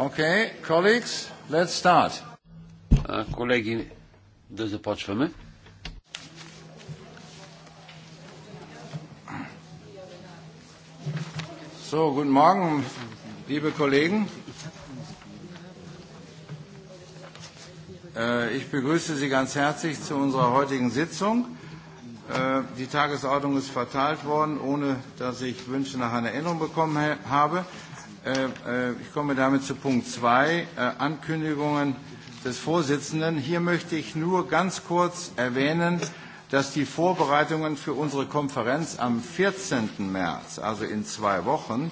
Okay, colleagues, let's start. Колеги, да започваме. So, guten Morgen, liebe Kollegen. Ich begrüße Sie ganz herzlich zu unserer heutigen Sitzung. Die Tagesordnung ist verteilt worden, ohne dass ich Wünsche nach einer Änderung bekommen habe. Ich komme damit zu Punkt 2, Ankündigungen des Vorsitzenden. Hier möchte ich nur ganz kurz erwähnen, dass die Vorbereitungen für unsere Konferenz am 14. März, also in zwei Wochen,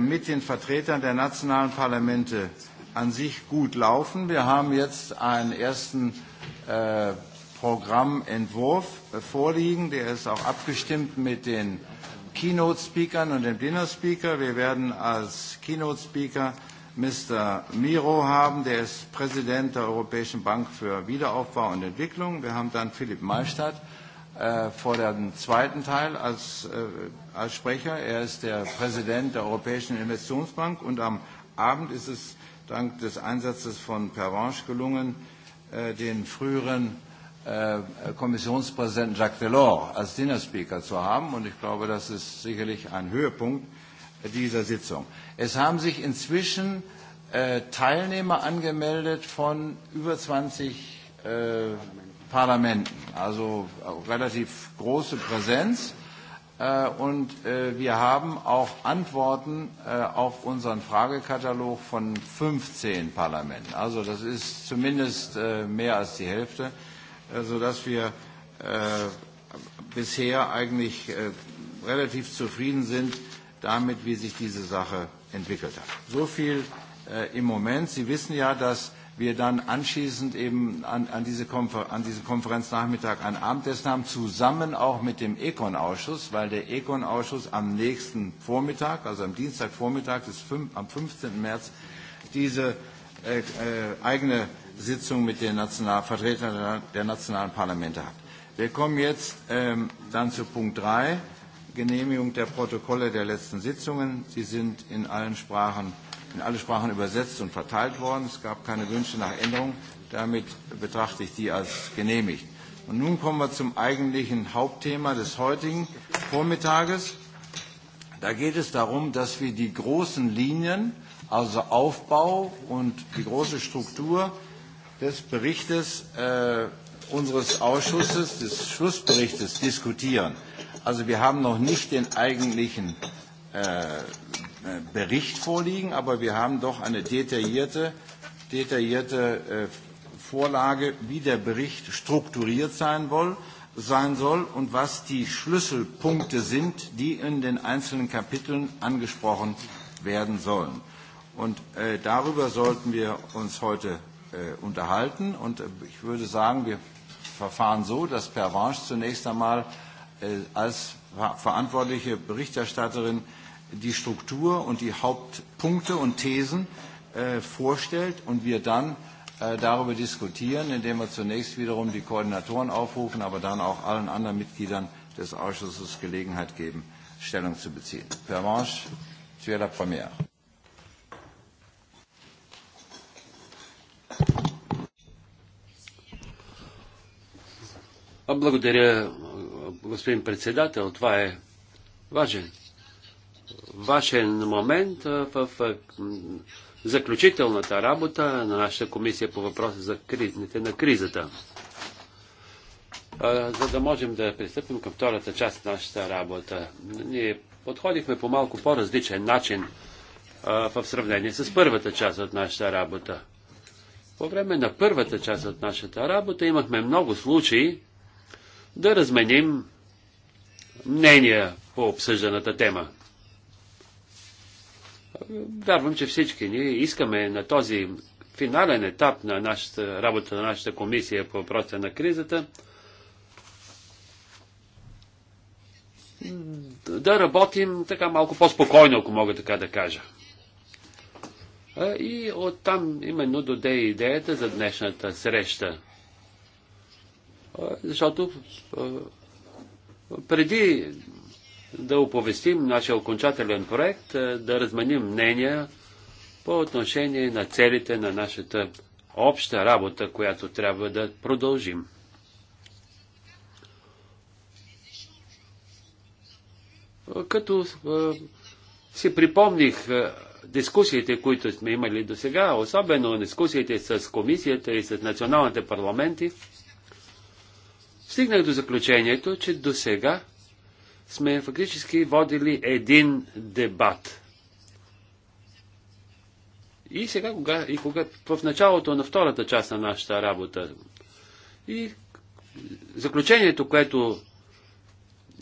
mit den Vertretern der nationalen Parlamente an sich gut laufen. Wir haben jetzt einen ersten Programmentwurf vorliegen, der ist auch abgestimmt mit den Keynote Speakern und den Dinner Speaker. Wir werden als Keynote Speaker Mr. Miro haben, der ist Präsident der Europäischen Bank für Wiederaufbau und Entwicklung. Wir haben dann Philipp Malstadt äh, vor dem zweiten Teil als, äh, als Sprecher. Er ist der Präsident der Europäischen Investitionsbank und am Abend ist es dank des Einsatzes von Pervenche gelungen, äh, den früheren Kommissionspräsidenten Jacques Delors als Dinner Speaker zu haben. Und ich glaube, das ist sicherlich ein Höhepunkt dieser Sitzung. Es haben sich inzwischen Teilnehmer angemeldet von über 20 Parlamenten, also relativ große Präsenz. Und wir haben auch Antworten auf unseren Fragekatalog von 15 Parlamenten. Also das ist zumindest mehr als die Hälfte sodass wir bisher eigentlich relativ zufrieden sind damit, wie sich diese Sache entwickelt hat. So viel im Moment. Sie wissen ja, dass wir dann anschließend eben an, an, diese Konfer an diesem Konferenznachmittag ein Abendessen haben, zusammen auch mit dem Econ-Ausschuss, weil der Econ-Ausschuss am nächsten Vormittag, also am Dienstagvormittag, des 5, am 15. März, diese äh, äh, eigene Sitzung mit den nationalen Vertretern der nationalen Parlamente hat. Wir kommen jetzt ähm, dann zu Punkt 3, Genehmigung der Protokolle der letzten Sitzungen. Sie sind in allen Sprachen, in alle Sprachen übersetzt und verteilt worden. Es gab keine Wünsche nach Änderung. Damit betrachte ich die als genehmigt. Und nun kommen wir zum eigentlichen Hauptthema des heutigen Vormittages. Da geht es darum, dass wir die großen Linien, also Aufbau und die große Struktur des Berichtes äh, unseres Ausschusses, des Schlussberichtes diskutieren. Also wir haben noch nicht den eigentlichen äh, Bericht vorliegen, aber wir haben doch eine detaillierte, detaillierte äh, Vorlage, wie der Bericht strukturiert sein, soll, sein soll und was die Schlüsselpunkte sind, die in den einzelnen Kapiteln angesprochen werden sollen. Und äh, darüber sollten wir uns heute unterhalten. Und ich würde sagen, wir verfahren so, dass Pervanche zunächst einmal als verantwortliche Berichterstatterin die Struktur und die Hauptpunkte und Thesen vorstellt und wir dann darüber diskutieren, indem wir zunächst wiederum die Koordinatoren aufrufen, aber dann auch allen anderen Mitgliedern des Ausschusses Gelegenheit geben, Stellung zu beziehen. Pervanche tu es la première. Благодаря, господин председател. Това е важен. Вашен момент в заключителната работа на нашата комисия по въпроса за кризите на кризата. За да можем да пристъпим към втората част на нашата работа. Ние подходихме по малко по-различен начин в сравнение с първата част от нашата работа. По време на първата част от нашата работа имахме много случаи, да разменим мнения по обсъжданата тема. Вярвам, че всички ние искаме на този финален етап на нашата, работа на нашата комисия по въпроса на кризата да работим така малко по-спокойно, ако мога така да кажа. И оттам именно доде идеята за днешната среща защото преди да оповестим нашия окончателен проект, да разменим мнения по отношение на целите на нашата обща работа, която трябва да продължим. Като си припомних дискусиите, които сме имали до сега, особено дискусиите с комисията и с националните парламенти, стигнах до заключението, че до сега сме фактически водили един дебат. И сега, кога, и кога, в началото на втората част на нашата работа, и заключението, което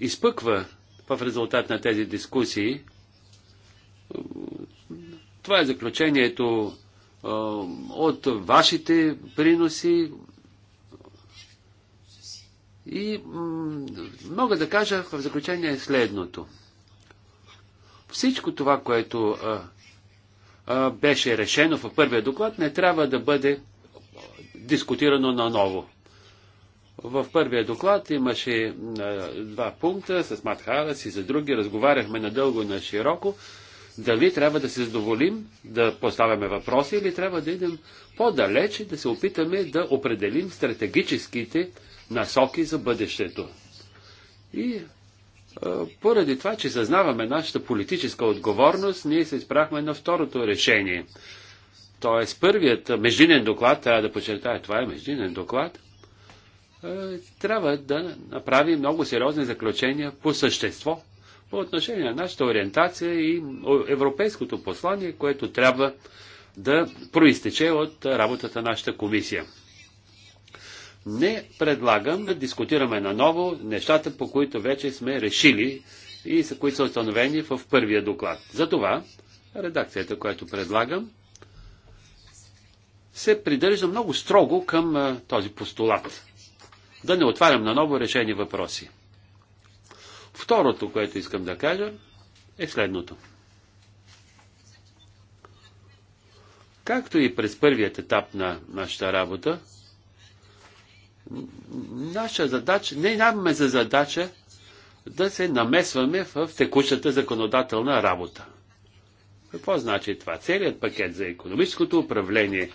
изпъква в резултат на тези дискусии, това е заключението от вашите приноси, и мога да кажа в заключение следното. Всичко това, което а, а, беше решено в първия доклад, не трябва да бъде дискутирано наново. В първия доклад имаше а, два пункта с Мат Харас и за други. Разговаряхме надълго и на широко. Дали трябва да се задоволим да поставяме въпроси или трябва да идем по-далече, да се опитаме да определим стратегическите насоки за бъдещето. И поради това, че съзнаваме нашата политическа отговорност, ние се изправихме на второто решение. Тоест, първият междинен доклад, трябва да подчертая, това е междинен доклад, трябва да направи много сериозни заключения по същество, по отношение на нашата ориентация и европейското послание, което трябва да проистече от работата на нашата комисия не предлагам да дискутираме наново нещата, по които вече сме решили и са, които са установени в първия доклад. Затова редакцията, която предлагам, се придържа много строго към а, този постулат. Да не отварям на ново решени въпроси. Второто, което искам да кажа, е следното. Както и през първият етап на нашата работа, наша задача, не нямаме за задача да се намесваме в текущата законодателна работа. Какво значи това? Целият пакет за економическото управление,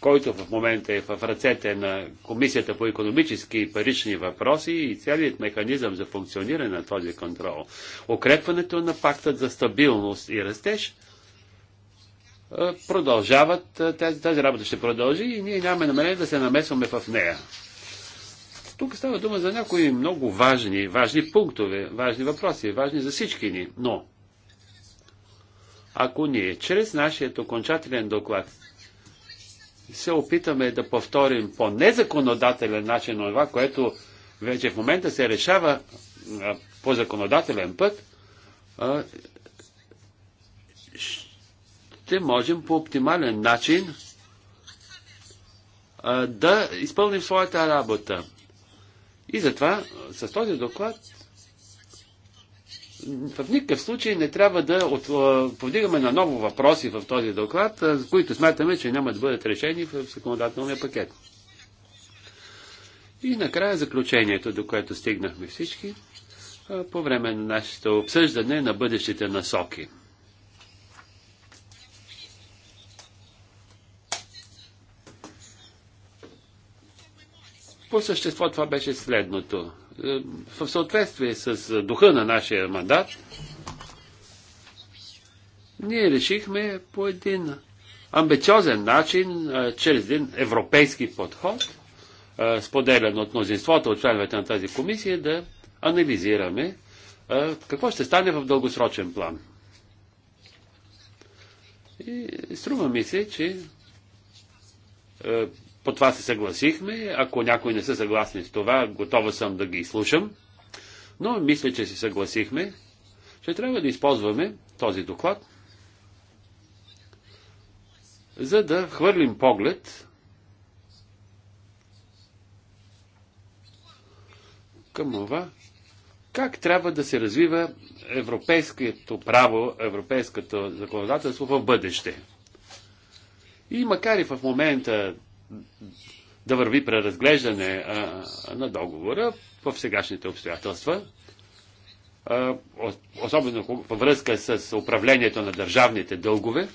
който в момента е в ръцете на Комисията по економически и парични въпроси и целият механизъм за функциониране на този контрол, укрепването на пактът за стабилност и растеж – продължават, тази, тази работа ще продължи и ние нямаме намерение да се намесваме в нея. Тук става дума за някои много важни, важни пунктове, важни въпроси, важни за всички ни. Но, ако ние чрез нашия окончателен доклад се опитаме да повторим по незаконодателен начин това, което вече в момента се решава по законодателен път, ще можем по оптимален начин а, да изпълним своята работа. И затова с този доклад в никакъв случай не трябва да от, повдигаме на ново въпроси в този доклад, а, които смятаме, че няма да бъдат решени в законодателния пакет. И накрая заключението, до което стигнахме всички по време на нашето обсъждане на бъдещите насоки. По същество това беше следното. Е, в съответствие с е, духа на нашия мандат, ние решихме по един амбициозен начин, е, чрез един европейски подход, споделен от мнозинството от членовете на тази комисия, да анализираме какво ще стане в дългосрочен план. И струва ми се, че по това се съгласихме. Ако някои не са съгласни с това, готова съм да ги слушам. Но мисля, че се съгласихме, че трябва да използваме този доклад, за да хвърлим поглед към това, как трябва да се развива европейското право, европейското законодателство в бъдеще. И макар и в момента да върви преразглеждане а, на договора в сегашните обстоятелства, а, особено във връзка с управлението на държавните дългове.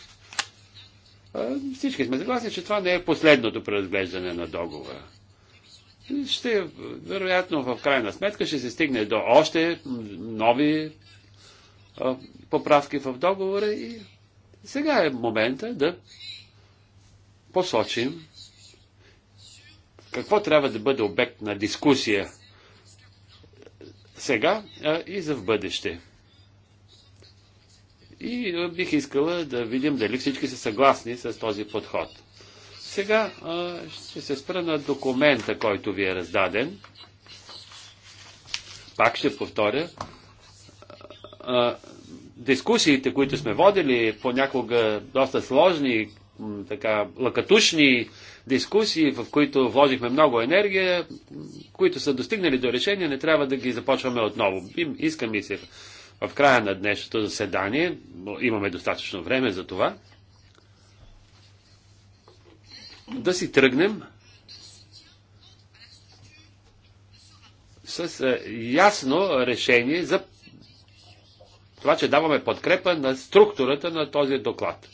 А, всички сме съгласни, че това не е последното преразглеждане на договора. Ще, вероятно, в крайна сметка ще се стигне до още нови а, поправки в договора и сега е момента да посочим какво трябва да бъде обект на дискусия сега а, и за в бъдеще. И бих искала да видим дали всички са съгласни с този подход. Сега а, ще се спра на документа, който ви е раздаден. Пак ще повторя. А, дискусиите, които сме водили, понякога доста сложни така лакатушни дискусии, в които вложихме много енергия, които са достигнали до решение, не трябва да ги започваме отново. Искам и се в края на днешното заседание, имаме достатъчно време за това, да си тръгнем с е, ясно решение за това, че даваме подкрепа на структурата на този доклад.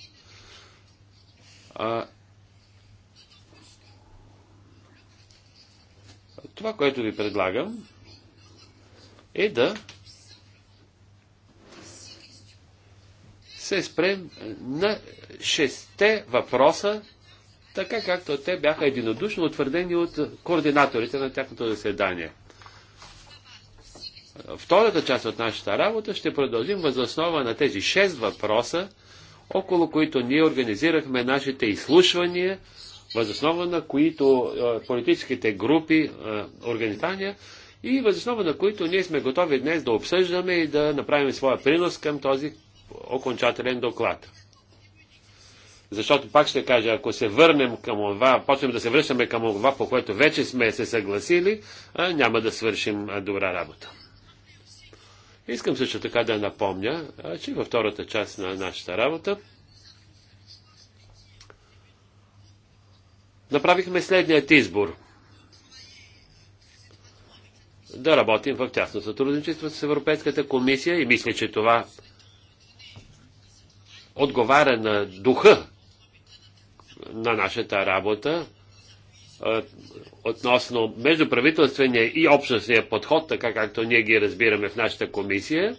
А, това, което ви предлагам, е да се спрем на шесте въпроса, така както те бяха единодушно утвърдени от координаторите на тяхното заседание. Втората част от нашата работа ще продължим възоснова на тези шест въпроса, около които ние организирахме нашите изслушвания, възоснова на които политическите групи, организания и възоснова на които ние сме готови днес да обсъждаме и да направим своя принос към този окончателен доклад. Защото пак ще кажа, ако се върнем към това, почнем да се връщаме към това, по което вече сме се съгласили, няма да свършим добра работа. Искам също така да напомня, че във втората част на нашата работа направихме следният избор. Да работим в тясно сътрудничество с Европейската комисия и мисля, че това отговаря на духа на нашата работа, относно междуправителствения и общностния подход, така както ние ги разбираме в нашата комисия.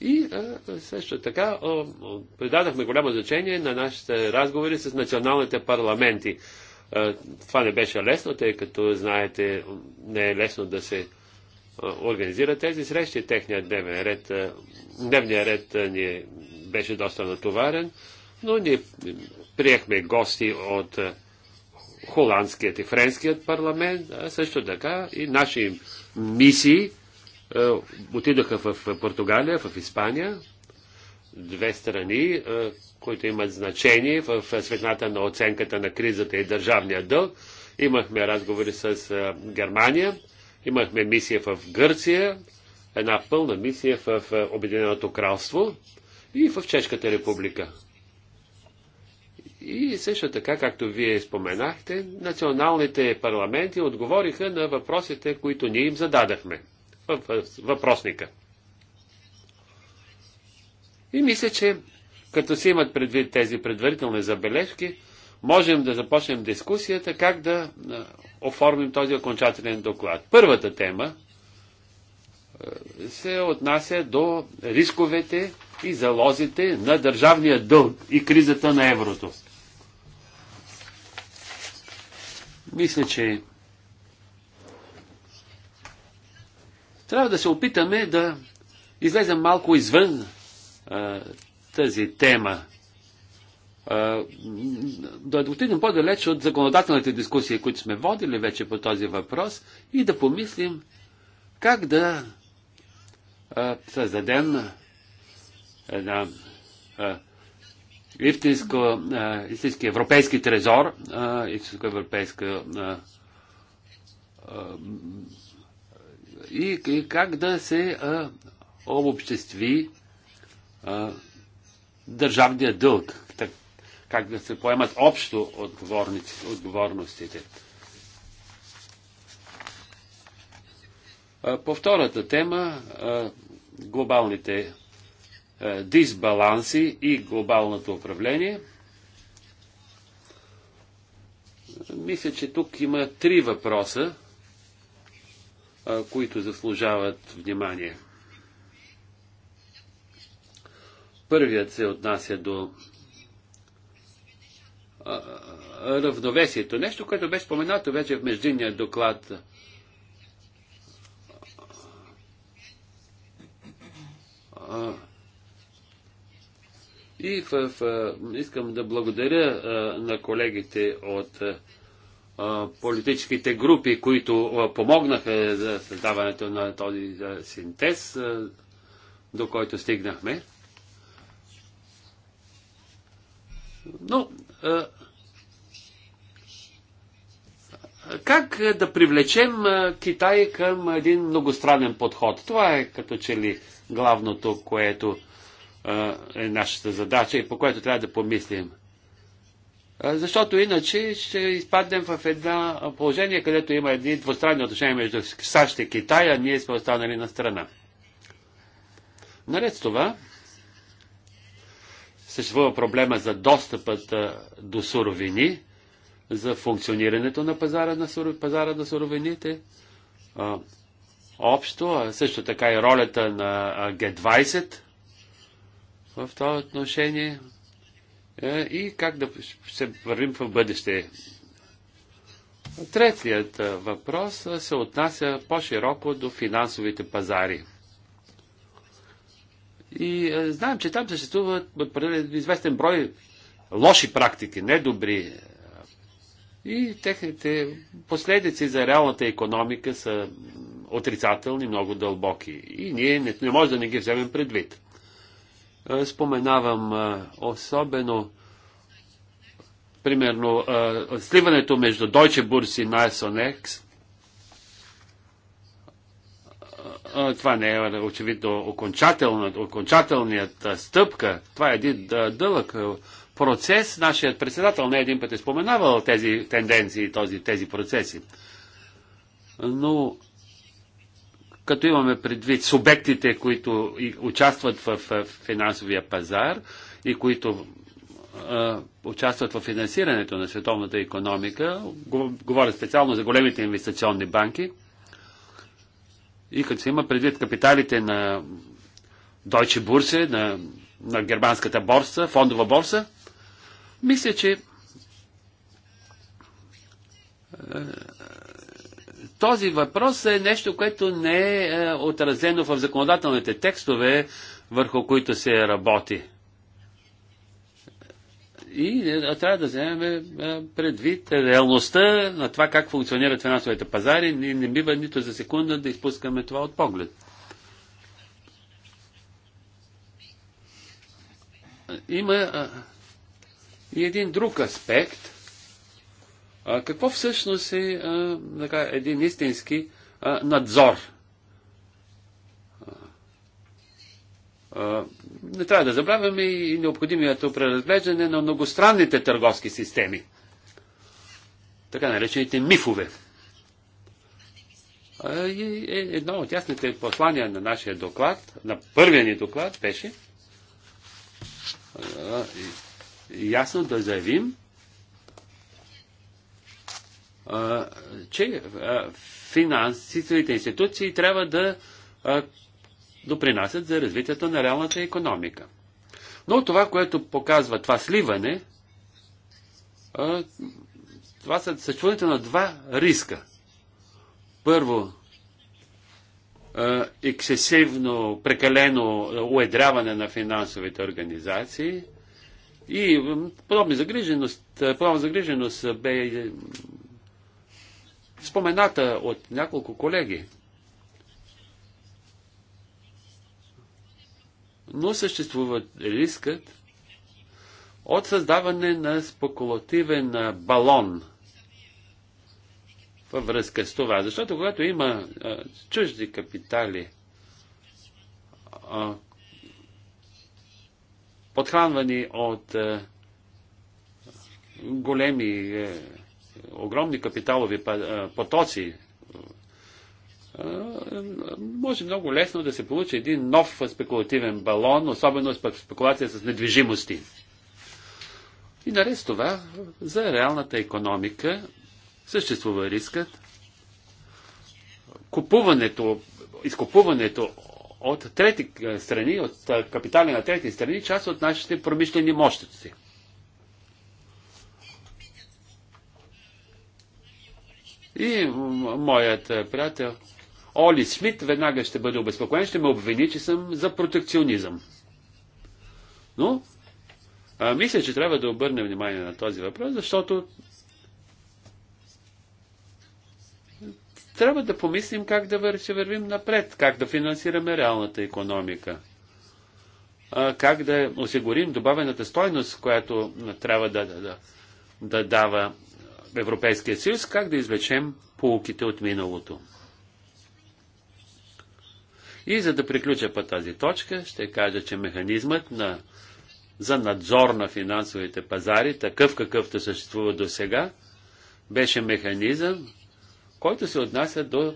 И също така придадахме голямо значение на нашите разговори с националните парламенти. това не беше лесно, тъй като, знаете, не е лесно да се организира тези срещи. Техният дневен ред, дневният ред ни е, беше доста натоварен но ние приехме гости от е, холандският и френският парламент, а също така и наши мисии е, отидоха в Португалия, в Испания, две страни, е, които имат значение в светната на оценката на кризата и държавния дълг. Имахме разговори с Германия, имахме мисия в Гърция, една пълна мисия в Обединеното кралство и в Чешката република. И също така, както вие споменахте, националните парламенти отговориха на въпросите, които ние им зададахме в въпросника. И мисля, че като си имат предвид тези предварителни забележки, можем да започнем дискусията как да оформим този окончателен доклад. Първата тема се отнася до рисковете и залозите на държавния дълг и кризата на еврото. Мисля, че трябва да се опитаме да излезем малко извън а, тази тема. А, да отидем по-далеч от законодателните дискусии, които сме водили вече по този въпрос и да помислим как да а, създадем една а, истинско, истински европейски трезор, истинско европейска и, и как да се а, обобществи а, държавния дълг, так, как да се поемат общо отговорностите. А, по втората тема, а, глобалните е, дисбаланси и глобалното управление. Мисля, че тук има три въпроса, е, които заслужават внимание. Първият се отнася до е, равновесието. Нещо, което беше споменато вече в междинния доклад. А, и в, в, искам да благодаря а, на колегите от а, политическите групи, които а, помогнаха за създаването на този за синтез, а, до който стигнахме. Но а, как да привлечем Китай към един многостранен подход? Това е като че ли главното, което е нашата задача и по което трябва да помислим. Защото иначе ще изпаднем в едно положение, където има едни двустранни отношения между САЩ и Китай, а ние сме останали на страна. Наред с това, съществува проблема за достъпът до суровини, за функционирането на пазара на, суров... пазара до суровините, общо, а също така и ролята на Г20 в това отношение е, и как да се вървим в бъдеще. Третият е, въпрос е, се отнася по-широко до финансовите пазари. И е, знаем, че там съществуват известен брой лоши практики, недобри. И техните последици за реалната економика са отрицателни, много дълбоки. И ние не, не можем да не ги вземем предвид. Е, споменавам е, особено примерно е, сливането между Deutsche Burs и Nasonex. Това не е очевидно окончателният, стъпка. Това е един дълъг процес. Нашият председател не един път е споменавал тези тенденции, този, тези процеси. Но като имаме предвид субектите, които участват в финансовия пазар и които участват в финансирането на световната економика, говоря специално за големите инвестиционни банки, и като се има предвид капиталите на Deutsche Börse, на, на германската борса, фондова борса, мисля, че този въпрос е нещо, което не е, е отразено в законодателните текстове, върху които се работи. И е, трябва да вземем е, предвид реалността на това как функционират финансовите пазари. Не, не бива нито за секунда да изпускаме това от поглед. Има и един друг аспект – какво всъщност е а, така, един истински а, надзор? А, не трябва да забравяме и необходимото преразглеждане на многостранните търговски системи. Така наречените мифове. А, и, е едно от ясните послания на нашия доклад, на първия ни доклад, беше а, и, ясно да заявим, че финансовите институции трябва да допринасят за развитието на реалната економика. Но това, което показва това сливане, това са съществуването на два риска. Първо, ексесивно, прекалено уедряване на финансовите организации и подобна загриженост, подобна загриженост бе спомената от няколко колеги. Но съществува рискът от създаване на спекулативен балон във връзка с това. Защото когато има а, чужди капитали, а, подхранвани от а, големи а, е, огромни капиталови потоци, може много лесно да се получи един нов спекулативен балон, особено спекулация с недвижимости. И наред с това, за реалната економика съществува рискът купуването, изкупуването от трети страни, от капитали на трети страни, част от нашите промишлени мощности. И моят е, приятел Оли Смит веднага ще бъде обезпокоен, ще ме обвини, че съм за протекционизъм. Но, а, мисля, че трябва да обърнем внимание на този въпрос, защото трябва да помислим как да вър... ще вървим напред, как да финансираме реалната економика, а, как да осигурим добавената стойност, която трябва да, да, да, да дава Европейския съюз, как да извлечем полуките от миналото. И за да приключа по тази точка, ще кажа, че механизмът на, за надзор на финансовите пазари, такъв какъвто съществува до сега, беше механизъм, който се отнася до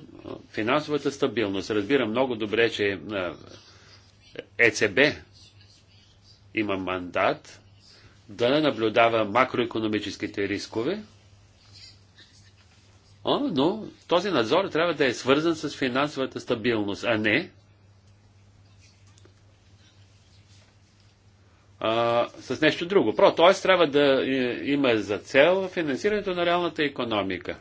финансовата стабилност. Разбира много добре, че ЕЦБ има мандат да наблюдава макроекономическите рискове, но този надзор трябва да е свързан с финансовата стабилност, а не а, с нещо друго. Про, т.е. трябва да е, има за цел финансирането на реалната економика.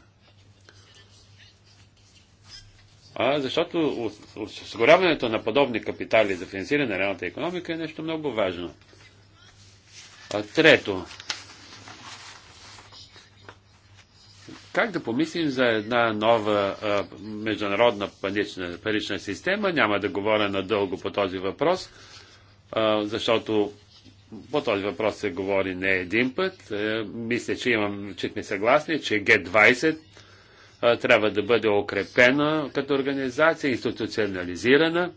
А, защото осигуряването на подобни капитали за финансиране на реалната економика е нещо много важно. А, трето, Как да помислим за една нова а, международна парична, парична система? Няма да говоря надълго по този въпрос, а, защото по този въпрос се говори не един път. А, е, мисля, че, имам, че сме съгласни, че Г20 а, трябва да бъде укрепена като организация, институционализирана,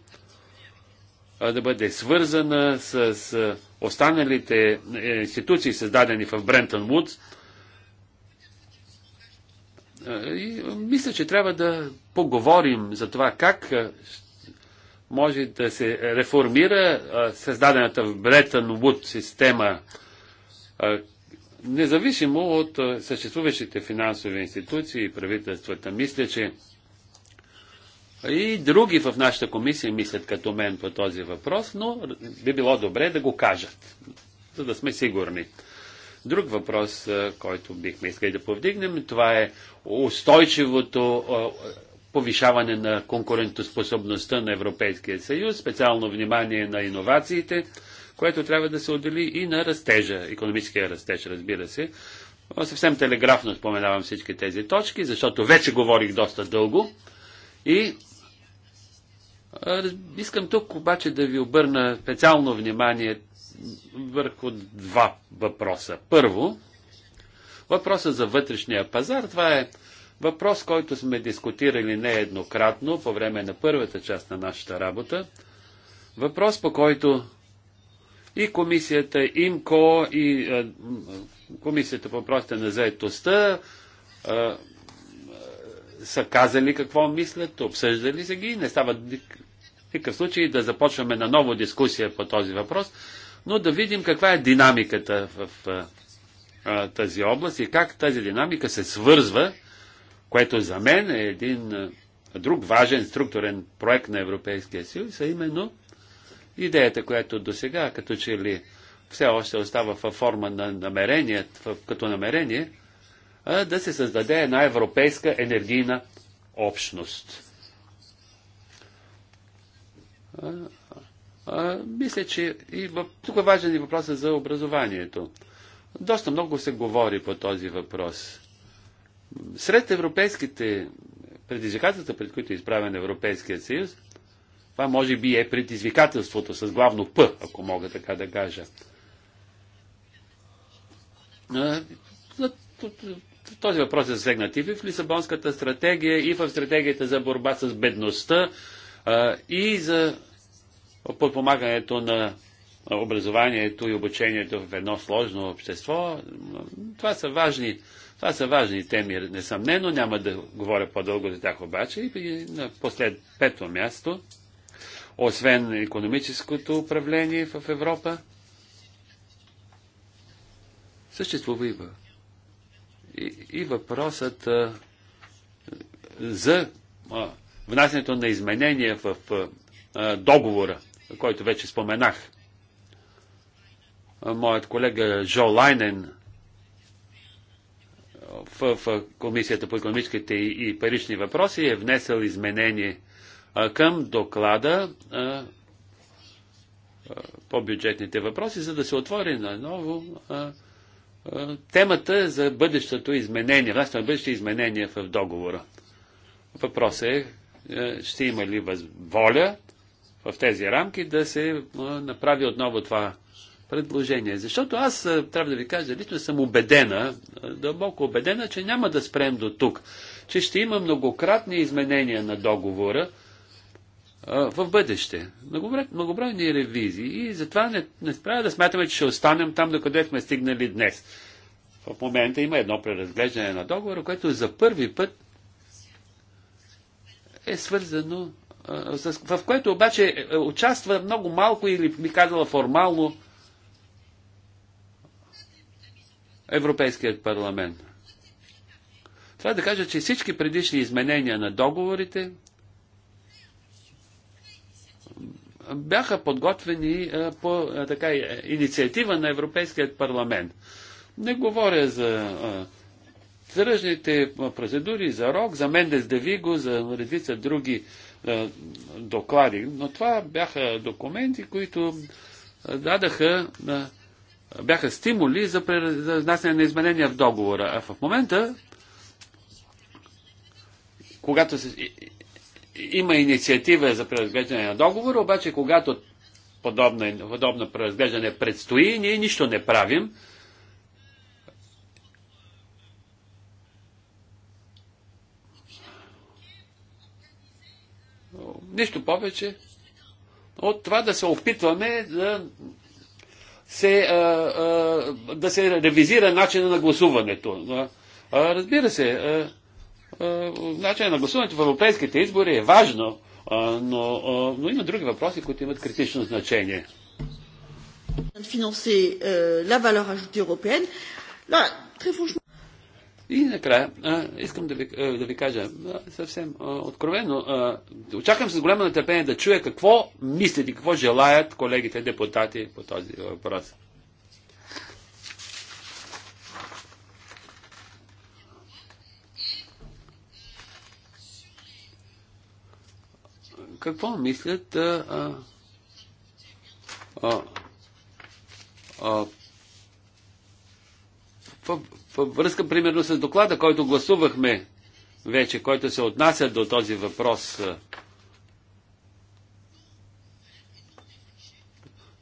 а, да бъде свързана с останалите е, институции, създадени в Брентън Вудс, е, и е, мисля, че трябва да поговорим за това как е, може да се реформира създадената в Бретън Вуд система, независимо от съществуващите финансови институции и правителствата. Мисля, че и други в нашата комисия мислят като мен по този въпрос, но би било добре да го кажат, за да сме сигурни. Друг въпрос, който бихме искали да повдигнем, това е устойчивото повишаване на конкурентоспособността на Европейския съюз, специално внимание на иновациите, което трябва да се отдели и на растежа, економическия растеж, разбира се. Съвсем телеграфно споменавам всички тези точки, защото вече говорих доста дълго и искам тук обаче да ви обърна специално внимание върху два въпроса. Първо, въпроса за вътрешния пазар. Това е въпрос, който сме дискутирали нееднократно по време на първата част на нашата работа. Въпрос, по който и комисията ИМКО, и а, е, комисията по въпросите на заедостта е, е, са казали какво мислят, обсъждали се ги. Не става никакъв случай да започваме на ново дискусия по този въпрос но да видим каква е динамиката в а, тази област и как тази динамика се свързва, което за мен е един друг важен структурен проект на Европейския съюз, а именно идеята, която до сега като че ли все още остава във форма на намерение, като намерение, а да се създаде една европейска енергийна общност. А, мисля, че и в... тук е важен и въпросът за образованието. Доста много се говори по този въпрос. Сред европейските предизвикателства, пред които е изправен Европейският съюз, това може би е предизвикателството с главно П, ако мога така да кажа. Този въпрос е засегнат и в Лисабонската стратегия, и в стратегията за борба с бедността, и за подпомагането на образованието и обучението в едно сложно общество. Това са важни, това са важни теми, несъмнено. Няма да говоря по-дълго за тях обаче. И на послед пето място, освен економическото управление в Европа, съществува и, и, и въпросът а, за а, внасянето на изменения в а, договора който вече споменах. Моят колега Жо Лайнен в Комисията по економическите и парични въпроси е внесъл изменение към доклада по бюджетните въпроси, за да се отвори наново темата за бъдещото изменение, внасяне на бъдеще изменение в договора. Въпросът е, ще има ли въз... воля в тези рамки да се направи отново това предложение. Защото аз трябва да ви кажа, лично съм убедена, дълбоко убедена, че няма да спрем до тук, че ще има многократни изменения на договора в бъдеще. многобройни ревизии и затова не, не справя да смятаме, че ще останем там, докъде сме стигнали днес. В момента има едно преразглеждане на договора, което за първи път е свързано в което обаче е, е, участва много малко или би казала формално Европейският парламент. Това да кажа, че всички предишни изменения на договорите бяха подготвени по така, е, инициатива на Европейският парламент. Не говоря за тръжните процедури, за РОК, за Мендес Девиго, за редица други е, доклади. Но това бяха документи, които е, дадаха, е, бяха стимули за изнасяне на изменения в договора. А в момента, когато се, има инициатива за преразглеждане на договора, обаче когато подобна подобно преразглеждане предстои, ние нищо не правим Нищо повече от това да се опитваме да се, а, а, да се ревизира начина на гласуването. А, разбира се, а, а, начинът на гласуването в европейските избори е важно, а, но, а, но има други въпроси, които имат критично значение. Финансер, euh, la valeur и накрая, а, искам да ви, а, да ви кажа а, съвсем а, откровено, а, очаквам с голямо нетърпение да чуя какво мислят и какво желаят колегите депутати по този въпрос. Какво мислят а, а, а, във връзка примерно с доклада, който гласувахме вече, който се отнася до този въпрос.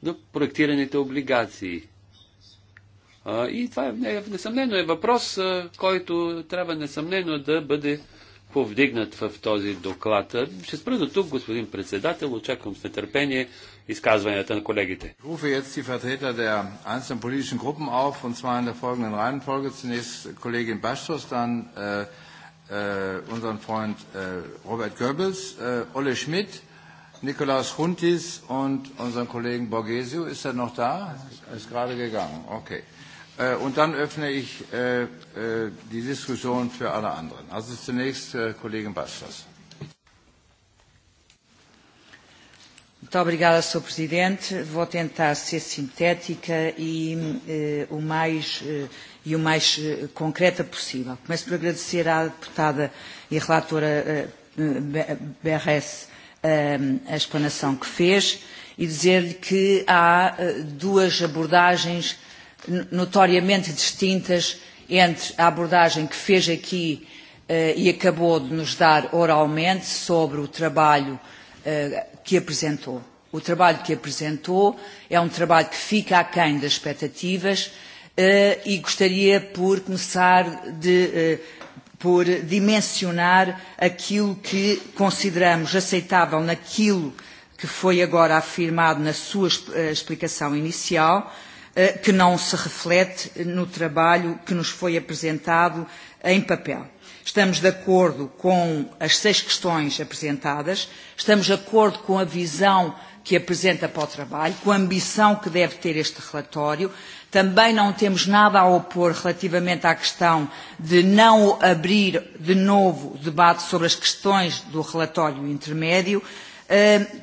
до проектираните облигации. и това е, несъмнено е въпрос, който трябва несъмнено да бъде повдигнат в този доклад. Ще спра до тук, господин председател. Очаквам с нетърпение изказванията на колегите. Rufe jetzt die Vertreter der einzelnen politischen Gruppen auf, und zwar in der folgenden Reihenfolge. Zunächst Kollegin Bastos, dann äh, unseren Freund äh, Robert Goebbels, äh, Olle Schmidt, Nikolaus Huntis und unseren Kollegen Borgesio. Ist er noch da? Ist gerade gegangen. Okay. Äh, Und dann öffne ich äh, äh, die Diskussion für alle anderen. Also zunächst äh, Kollegin Bastos. Muito obrigada, Sr. Presidente. Vou tentar ser sintética e, eh, o, mais, eh, e o mais concreta possível. Começo por agradecer à deputada e relatora eh, Berres a explanação que fez e dizer-lhe que há eh, duas abordagens notoriamente distintas entre a abordagem que fez aqui e acabou de nos dar oralmente sobre o trabalho que apresentou. O trabalho que apresentou é um trabalho que fica aquém das expectativas e gostaria por começar de, por dimensionar aquilo que consideramos aceitável naquilo que foi agora afirmado na sua explicação inicial, que não se reflete no trabalho que nos foi apresentado em papel. Estamos de acordo com as seis questões apresentadas, estamos de acordo com a visão que apresenta para o trabalho, com a ambição que deve ter este relatório. Também não temos nada a opor relativamente à questão de não abrir de novo debate sobre as questões do relatório intermédio. Uh,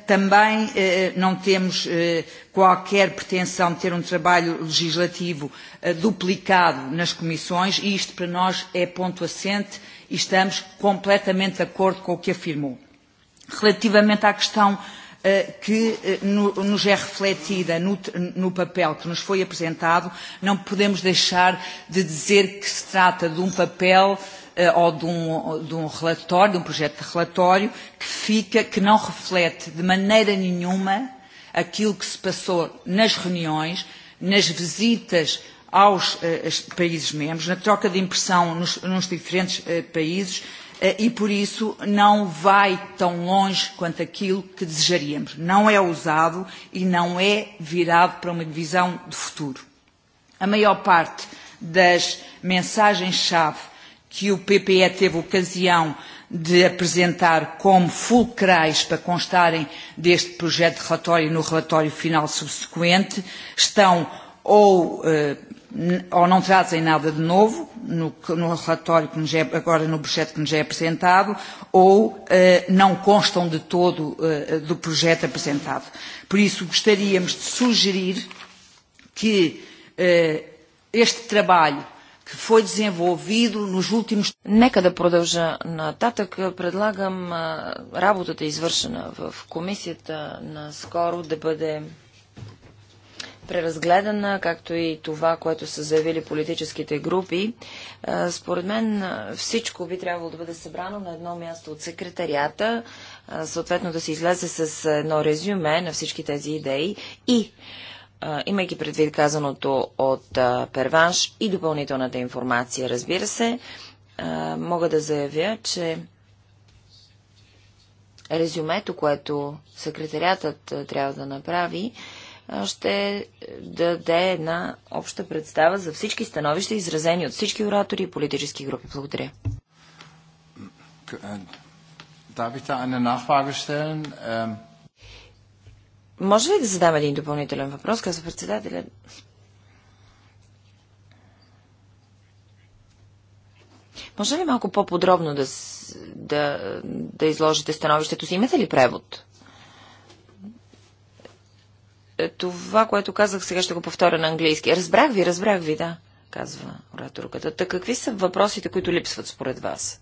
Também não temos qualquer pretensão de ter um trabalho legislativo duplicado nas comissões e isto para nós é ponto assente e estamos completamente de acordo com o que afirmou. Relativamente à questão que nos é refletida no papel que nos foi apresentado, não podemos deixar de dizer que se trata de um papel uh, ou de um, de um relatório, de um projeto de relatório, que, fica, que não reflete de maneira nenhuma aquilo que se passou nas reuniões, nas visitas aos uh, países membros, na troca de impressão nos, nos diferentes uh, países uh, e, por isso, não vai tão longe quanto aquilo que desejaríamos. Não é usado e não é virado para uma divisão de futuro. A maior parte das mensagens-chave que o PPE teve ocasião de apresentar como fulcrais para constarem deste projeto de relatório no relatório final subsequente, estão ou, ou não trazem nada de novo no, no relatório que nos é, agora no projeto que nos é apresentado, ou eh, não constam de todo eh, do projeto apresentado. Por isso, gostaríamos de sugerir que eh, este trabalho que foi desenvolvido nos últimos... Нека да продължа нататък. Предлагам работата, извършена в комисията наскоро, да бъде преразгледана, както и това, което са заявили политическите групи. Според мен всичко би трябвало да бъде събрано на едно място от секретарията, съответно да се излезе с едно резюме на всички тези идеи и имайки предвид казаното от Перванш и допълнителната информация, разбира се, мога да заявя, че резюмето, което секретариатът трябва да направи, ще даде една обща представа за всички становища, изразени от всички оратори и политически групи. Благодаря. Darf ich da eine Nachfrage stellen? Ähm може ли да задам един допълнителен въпрос, казва председателя? Може ли малко по-подробно да, да, да изложите становището си? Имате ли превод? Е, това, което казах, сега ще го повторя на английски. Разбрах ви, разбрах ви, да, казва ораторката. Та какви са въпросите, които липсват според вас?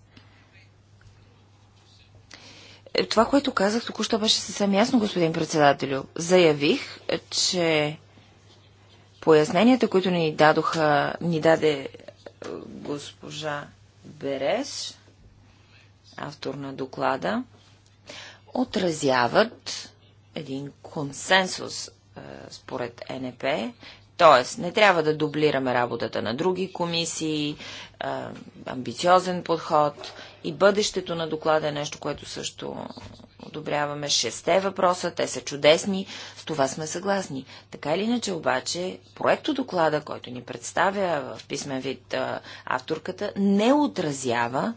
Е, това, което казах току-що беше съвсем ясно, господин председателю. Заявих, че поясненията, които ни дадоха, ни даде е, госпожа Береш, автор на доклада, отразяват един консенсус е, според НП, Тоест, не трябва да дублираме работата на други комисии, амбициозен подход, и бъдещето на доклада е нещо, което също одобряваме. Шесте въпроса, те са чудесни, с това сме съгласни. Така или иначе обаче, проекто доклада, който ни представя в писмен вид авторката, не отразява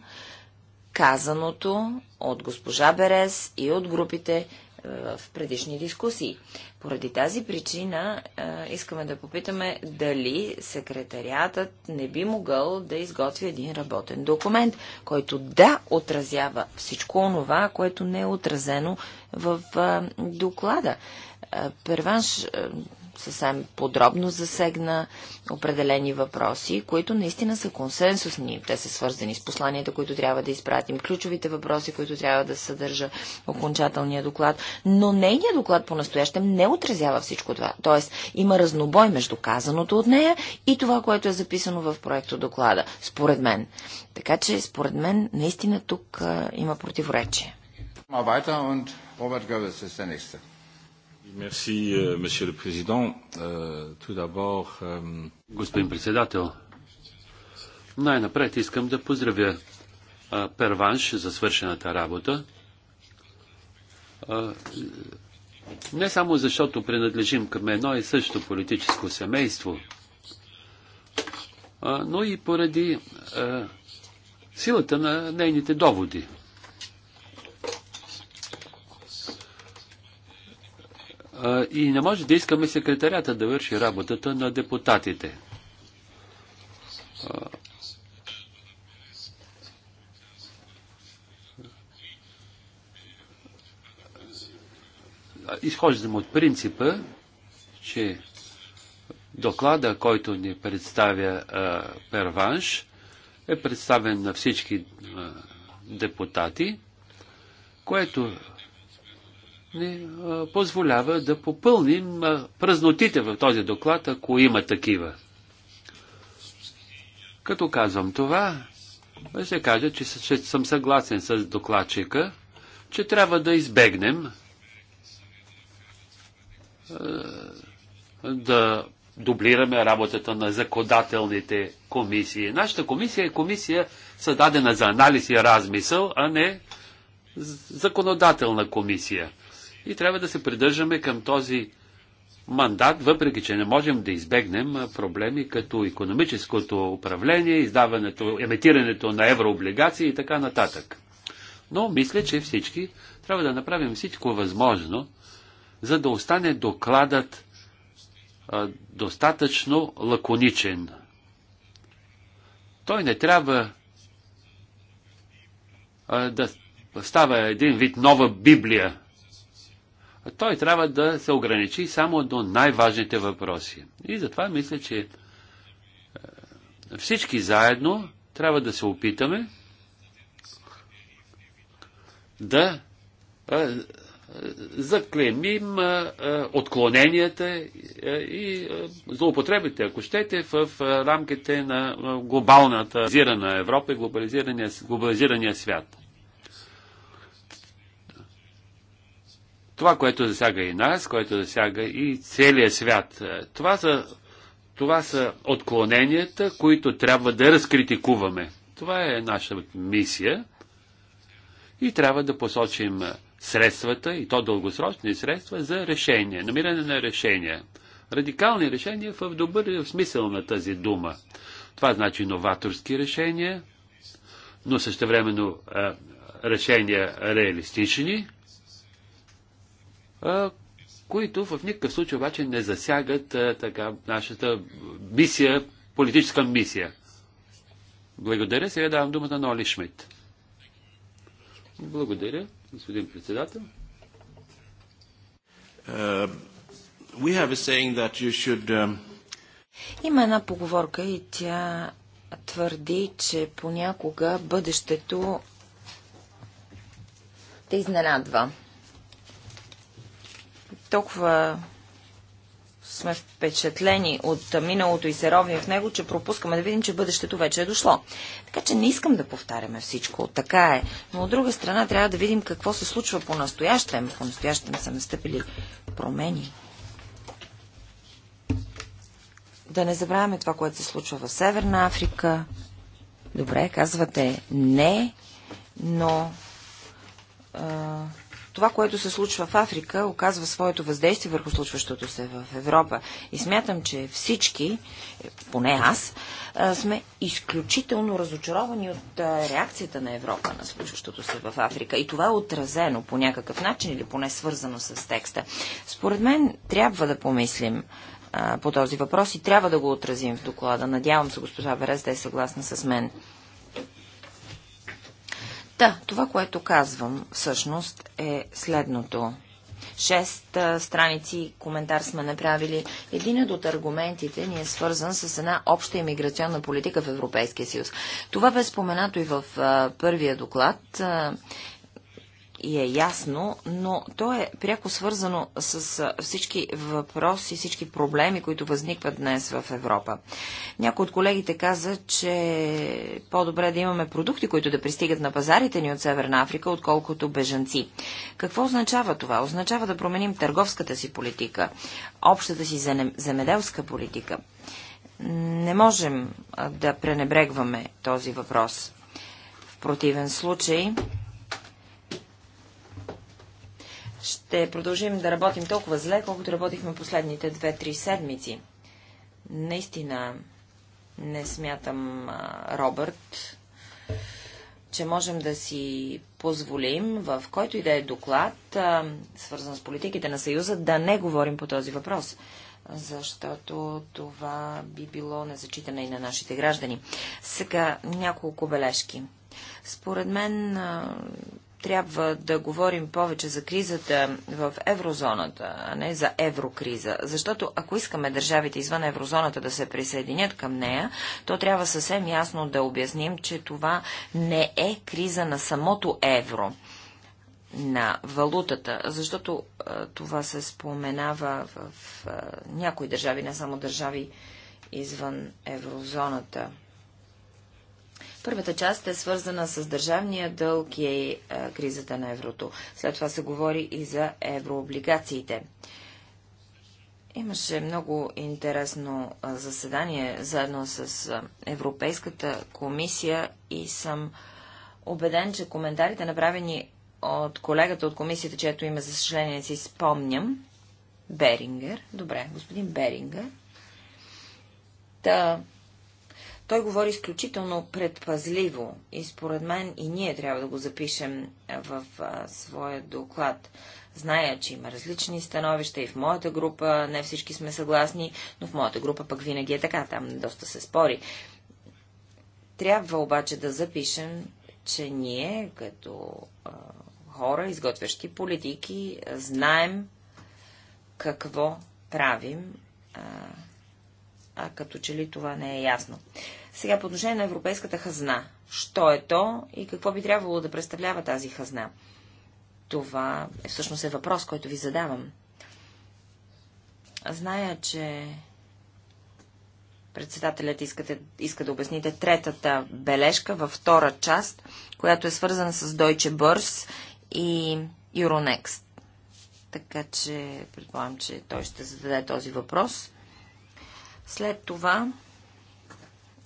казаното от госпожа Берес и от групите е, в предишни дискусии. Поради тази причина е, искаме да попитаме дали секретариатът не би могъл да изготви един работен документ, който да отразява всичко онова, което не е отразено в е, доклада. Перванш съвсем подробно засегна определени въпроси, които наистина са консенсусни. Те са свързани с посланията, които трябва да изпратим, ключовите въпроси, които трябва да съдържа окончателния доклад. Но нейният доклад по-настоящем не отразява всичко това. Тоест, има разнобой между казаното от нея и това, което е записано в проекто доклада, според мен. Така че, според мен, наистина тук а, има противоречие. Роберт Гъвес е следващия. Merci, euh, monsieur le président. Euh, tout d'abord... Euh, Господин председател, най-напред искам да поздравя Перванш за свършената работа. Не само защото принадлежим към едно и също политическо семейство, но и поради силата на нейните доводи. И не може да искаме секретарята да върши работата на депутатите. Изхождам от принципа, че доклада, който ни представя Перванш, е представен на всички депутати, което ни позволява да попълним празнотите в този доклад, ако има такива. Като казвам това, ще кажа, че съм съгласен с докладчика, че трябва да избегнем да дублираме работата на законодателните комисии. Нашата комисия е комисия създадена за анализ и размисъл, а не законодателна комисия и трябва да се придържаме към този мандат, въпреки че не можем да избегнем проблеми като економическото управление, издаването, емитирането на еврооблигации и така нататък. Но мисля, че всички трябва да направим всичко възможно, за да остане докладът а, достатъчно лаконичен. Той не трябва а, да става един вид нова Библия, той трябва да се ограничи само до най-важните въпроси. И затова мисля, че е, всички заедно трябва да се опитаме да е, е, заклемим отклоненията и злоупотребите, ако щете, в рамките на глобалната Европа и глобализирания, глобализирания свят. Това, което засяга и нас, което засяга и целия свят. Е, това са, това са отклоненията, които трябва да разкритикуваме. Това е наша мисия и трябва да посочим е, средствата, и то дългосрочни средства, за решение, намиране на решения. Радикални решения в добър смисъл на тази дума. Това значи новаторски решения, но същевременно а, е, решения реалистични – които в никакъв случай обаче не засягат така нашата мисия, политическа мисия. Благодаря. Сега давам думата на Оли Шмидт. Благодаря, господин председател. Uh, should, uh... Има една поговорка и тя твърди, че понякога бъдещето те изненадва толкова сме впечатлени от миналото и се ровим в него, че пропускаме да видим, че бъдещето вече е дошло. Така че не искам да повтаряме всичко. Така е. Но от друга страна трябва да видим какво се случва по-настоящем. По-настоящем са настъпили промени. Да не забравяме това, което се случва в Северна Африка. Добре, казвате не, но а, това, което се случва в Африка, оказва своето въздействие върху случващото се в Европа. И смятам, че всички, е, поне аз, сме изключително разочаровани от реакцията на Европа на случващото се в Африка. И това е отразено по някакъв начин или поне свързано с текста. Според мен трябва да помислим по този въпрос и трябва да го отразим в доклада. Надявам се, госпожа Берез да е съгласна с мен. Да, това, което казвам, всъщност е следното. Шест а, страници коментар сме направили. Един от аргументите ни е свързан с една обща иммиграционна политика в Европейския съюз. Това бе споменато и в а, първия доклад а, и е ясно, но то е пряко свързано с всички въпроси, всички проблеми, които възникват днес в Европа. Някои от колегите каза, че по-добре да имаме продукти, които да пристигат на пазарите ни от Северна Африка, отколкото бежанци. Какво означава това? Означава да променим търговската си политика, общата си земеделска политика. Не можем да пренебрегваме този въпрос. В противен случай ще продължим да работим толкова зле, колкото работихме последните 2-3 седмици. Наистина не смятам, Робърт, че можем да си позволим в който и да е доклад, свързан с политиките на Съюза, да не говорим по този въпрос защото това би било незачитане и на нашите граждани. Сега няколко бележки. Според мен трябва да говорим повече за кризата в еврозоната, а не за еврокриза. Защото ако искаме държавите извън еврозоната да се присъединят към нея, то трябва съвсем ясно да обясним, че това не е криза на самото евро на валутата, защото а, това се споменава в, а, някои държави, не само държави извън еврозоната. Първата част е свързана с държавния дълг и е, е, кризата на еврото. След това се говори и за еврооблигациите. Имаше много интересно е, заседание заедно с Европейската комисия и съм убеден, че коментарите, направени от колегата от комисията, чието име за съжаление си спомням, Берингер, добре, господин Берингер, Та, той говори изключително предпазливо и според мен и ние трябва да го запишем в а, своя доклад. Зная, че има различни становища и в моята група не всички сме съгласни, но в моята група пък винаги е така, там доста се спори. Трябва обаче да запишем, че ние като а, хора, изготвящи политики, знаем какво правим, а, а като че ли това не е ясно. Сега по отношение на европейската хазна. Що е то и какво би трябвало да представлява тази хазна? Това е, всъщност е въпрос, който ви задавам. Зная, че председателят искате, иска да обясните третата бележка във втора част, която е свързана с Deutsche Börse и Euronext. Така че предполагам, че той ще зададе този въпрос. След това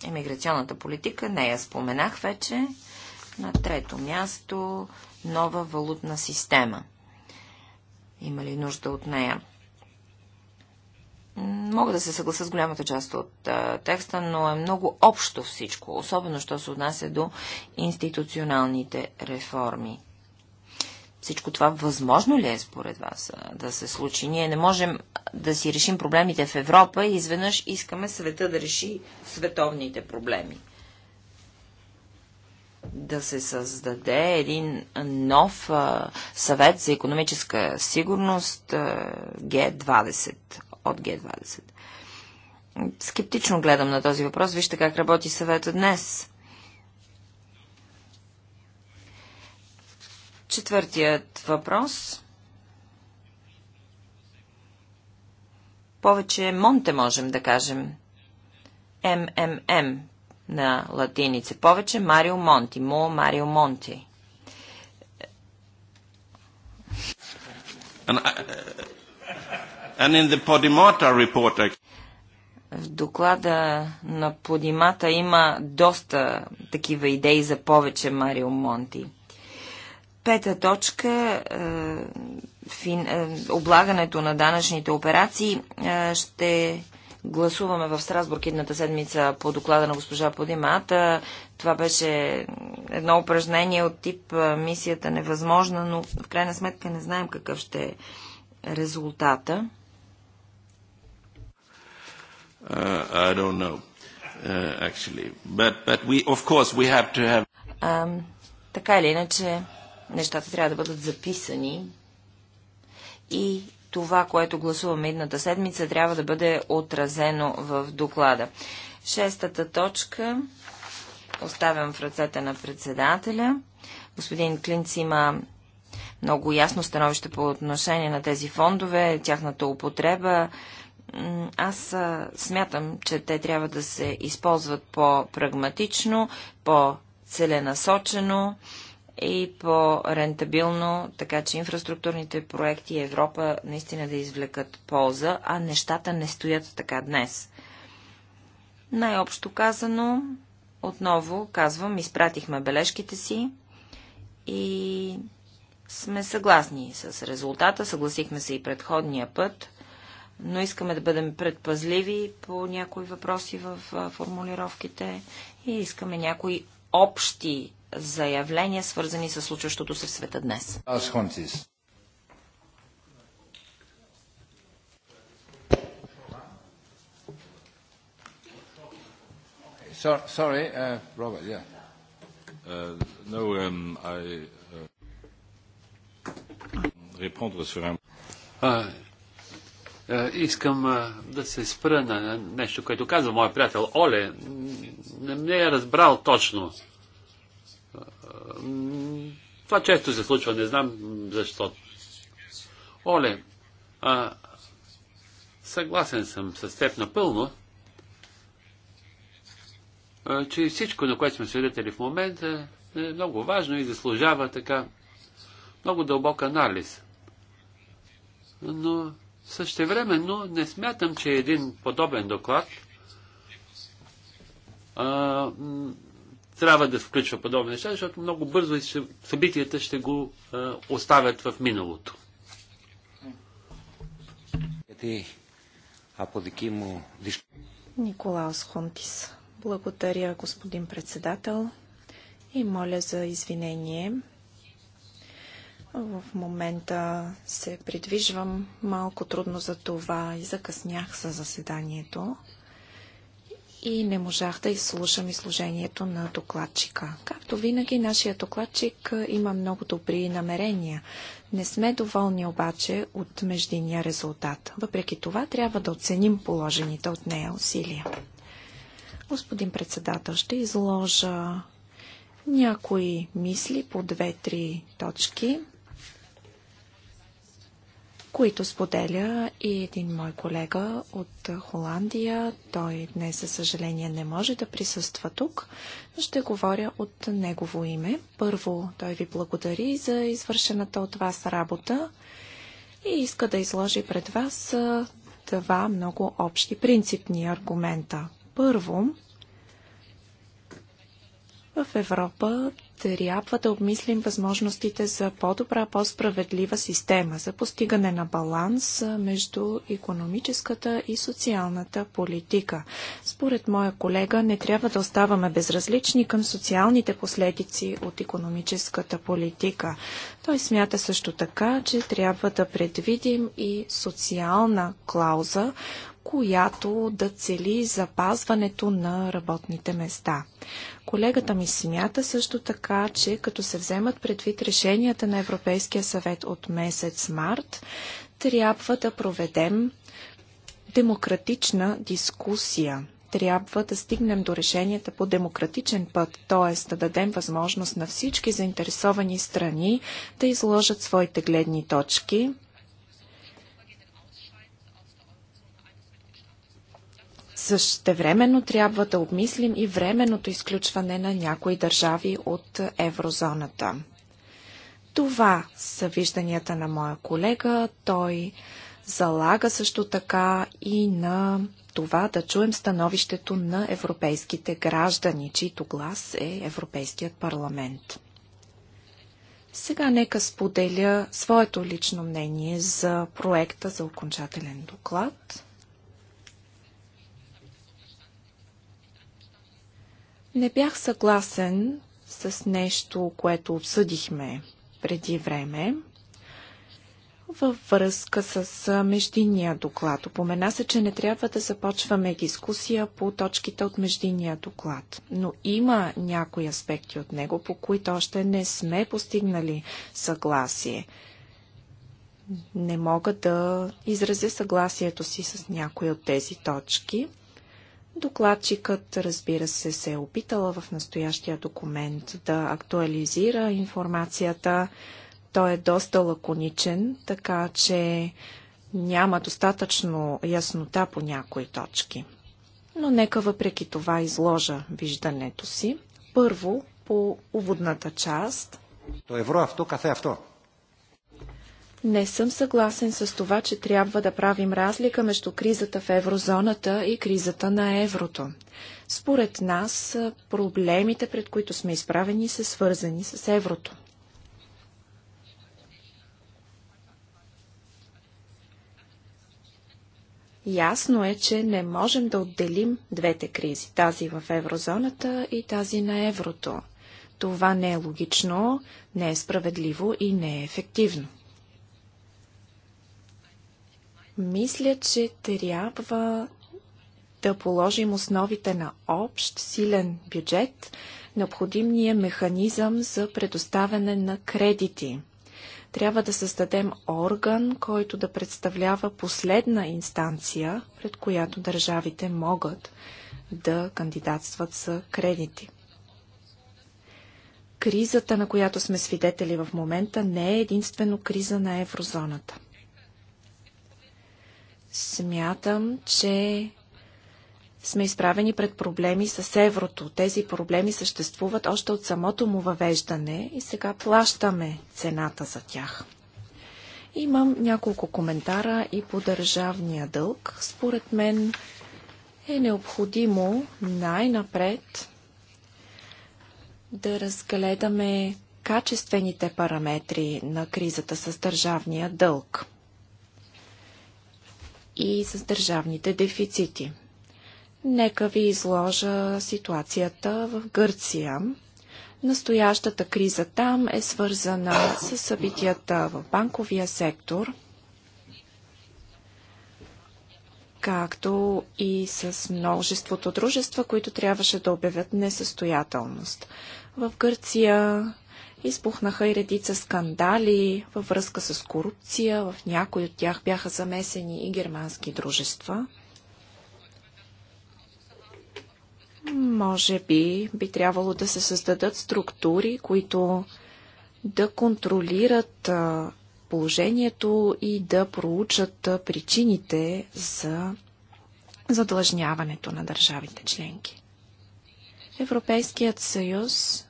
Емиграционната политика, не я споменах вече. На трето място нова валутна система. Има ли нужда от нея? Мога да се съгласа с голямата част от а, текста, но е много общо всичко, особено що се отнася до институционалните реформи. Всичко това възможно ли е според вас да се случи? Ние не можем да си решим проблемите в Европа и изведнъж искаме света да реши световните проблеми. Да се създаде един нов а, съвет за економическа сигурност а, G20 от G20. Скептично гледам на този въпрос. Вижте как работи съвета днес Четвъртият въпрос. Повече Монте можем да кажем. МММ на латиница. Повече Марио Монти. Мо Марио Монти. Uh, В доклада на Подимата има доста такива идеи за повече Марио Монти. Пета точка е, е, облагането на данъчните операции е, ще гласуваме в Страсбург едната седмица по доклада на госпожа Подимата. Това беше едно упражнение от тип мисията невъзможна, но в крайна сметка не знаем какъв ще е резултата. Uh, I don't know, uh, actually. But, but we, of course, we have to have... Uh, така или иначе, Нещата трябва да бъдат записани и това, което гласуваме едната седмица, трябва да бъде отразено в доклада. Шестата точка оставям в ръцете на председателя. Господин Клинц има много ясно становище по отношение на тези фондове, тяхната употреба. Аз смятам, че те трябва да се използват по-прагматично, по-целенасочено и по-рентабилно, така че инфраструктурните проекти Европа наистина да извлекат полза, а нещата не стоят така днес. Най-общо казано, отново казвам, изпратихме бележките си и сме съгласни с резултата, съгласихме се и предходния път, но искаме да бъдем предпазливи по някои въпроси в формулировките и искаме някои общи заявления, свързани с случващото се в света днес. Е, искам да се спра на нещо, което казва моят приятел Оле. Не, не е разбрал точно. Това често се случва, не знам защо. Оле, а, съгласен съм с теб напълно, а, че всичко, на което сме свидетели в момента, е много важно и заслужава така много дълбок анализ. Но същевременно не смятам, че един подобен доклад а, трябва да включва подобни неща, защото много бързо и събитията ще го а, оставят в миналото. Николаус Хунтис. Благодаря, господин председател. И моля за извинение. В момента се придвижвам малко трудно за това и закъснях за заседанието и не можах да изслушам изложението на докладчика. Както винаги, нашия докладчик има много добри намерения. Не сме доволни обаче от междиния резултат. Въпреки това, трябва да оценим положените от нея усилия. Господин председател, ще изложа някои мисли по две-три точки които споделя и един мой колега от Холандия. Той днес, за съжаление, не може да присъства тук, но ще говоря от негово име. Първо, той ви благодари за извършената от вас работа и иска да изложи пред вас два много общи принципни аргумента. Първо, в Европа трябва да обмислим възможностите за по-добра, по-справедлива система за постигане на баланс между економическата и социалната политика. Според моя колега не трябва да оставаме безразлични към социалните последици от економическата политика. Той смята също така, че трябва да предвидим и социална клауза, която да цели запазването на работните места. Колегата ми смята също така, че като се вземат предвид решенията на Европейския съвет от месец март, трябва да проведем демократична дискусия трябва да стигнем до решенията по демократичен път, т.е. да дадем възможност на всички заинтересовани страни да изложат своите гледни точки, Същевременно трябва да обмислим и временното изключване на някои държави от еврозоната. Това са вижданията на моя колега. Той залага също така и на това да чуем становището на европейските граждани, чийто глас е Европейският парламент. Сега нека споделя своето лично мнение за проекта за окончателен доклад. Не бях съгласен с нещо, което обсъдихме преди време във връзка с междинния доклад. Опомена се, че не трябва да започваме дискусия по точките от междинния доклад, но има някои аспекти от него, по които още не сме постигнали съгласие. Не мога да изразя съгласието си с някои от тези точки. Докладчикът, разбира се, се е опитала в настоящия документ да актуализира информацията. Той е доста лаконичен, така че няма достатъчно яснота по някои точки. Но нека въпреки това изложа виждането си. Първо, по уводната част. То евро авто, кафе авто. Не съм съгласен с това, че трябва да правим разлика между кризата в еврозоната и кризата на еврото. Според нас проблемите, пред които сме изправени, са свързани с еврото. Ясно е, че не можем да отделим двете кризи, тази в еврозоната и тази на еврото. Това не е логично, не е справедливо и не е ефективно. Мисля, че трябва да положим основите на общ, силен бюджет, необходимния е механизъм за предоставяне на кредити. Трябва да създадем орган, който да представлява последна инстанция, пред която държавите могат да кандидатстват за кредити. Кризата, на която сме свидетели в момента, не е единствено криза на еврозоната. Смятам, че сме изправени пред проблеми с еврото. Тези проблеми съществуват още от самото му въвеждане и сега плащаме цената за тях. Имам няколко коментара и по държавния дълг. Според мен е необходимо най-напред да разгледаме качествените параметри на кризата с държавния дълг и с държавните дефицити. Нека ви изложа ситуацията в Гърция. Настоящата криза там е свързана с събитията в банковия сектор, както и с множеството дружества, които трябваше да обявят несъстоятелност. В Гърция Изпухнаха и редица скандали във връзка с корупция. В някои от тях бяха замесени и германски дружества. Може би би трябвало да се създадат структури, които да контролират положението и да проучат причините за задлъжняването на държавите членки. Европейският съюз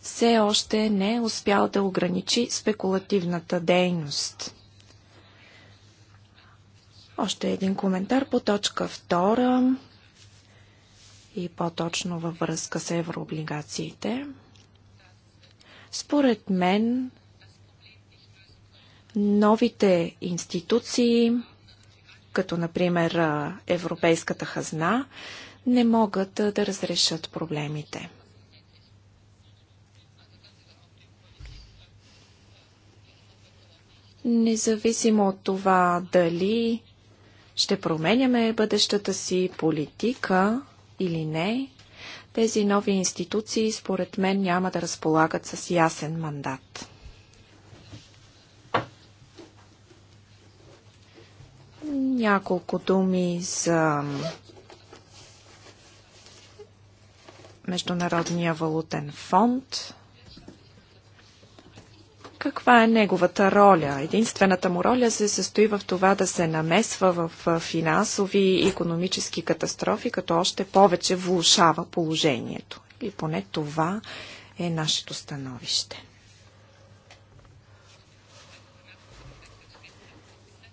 все още не е успял да ограничи спекулативната дейност. Още един коментар по точка 2 и по-точно във връзка с еврооблигациите. Според мен, новите институции, като например Европейската хазна, не могат да разрешат проблемите. Независимо от това дали ще променяме бъдещата си политика или не, тези нови институции според мен няма да разполагат с ясен мандат. Няколко думи за Международния валутен фонд – това е неговата роля. Единствената му роля се състои в това да се намесва в финансови и економически катастрофи, като още повече влушава положението. И поне това е нашето становище.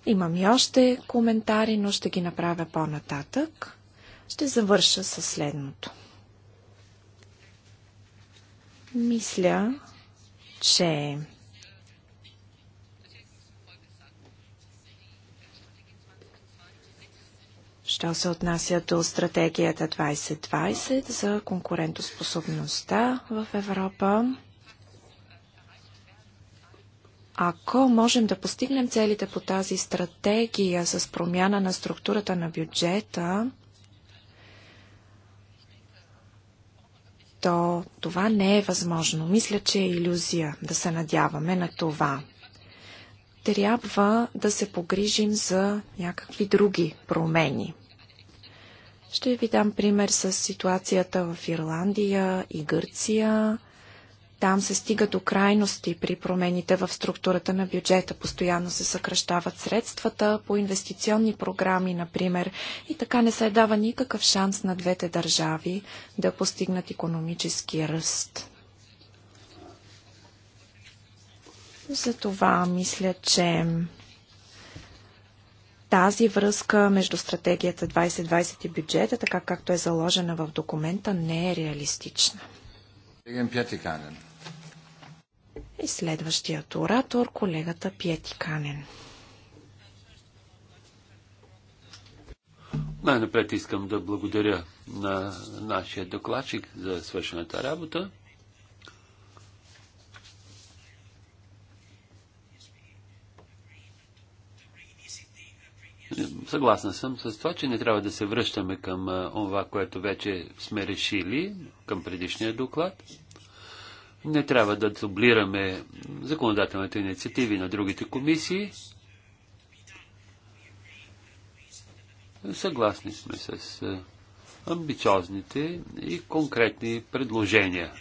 Имам и още коментари, но ще ги направя по-нататък. Ще завърша със следното. Мисля, че Що се отнася до стратегията 2020 за конкурентоспособността в Европа, ако можем да постигнем целите по тази стратегия с промяна на структурата на бюджета, то това не е възможно. Мисля, че е иллюзия да се надяваме на това. Трябва да се погрижим за някакви други промени – ще ви дам пример с ситуацията в Ирландия и Гърция. Там се стига до крайности при промените в структурата на бюджета. Постоянно се съкръщават средствата по инвестиционни програми, например, и така не се дава никакъв шанс на двете държави да постигнат економически ръст. Затова мисля, че тази връзка между стратегията 2020 и бюджета, така както е заложена в документа, не е реалистична. И следващият оратор, колегата Пиети Канен. Най-напред искам да благодаря на нашия докладчик за свършената работа. Съгласна съм с това, че не трябва да се връщаме към това, което вече сме решили, към предишния доклад. Не трябва да дублираме законодателните инициативи на другите комисии. Съгласни сме с амбициозните и конкретни предложения.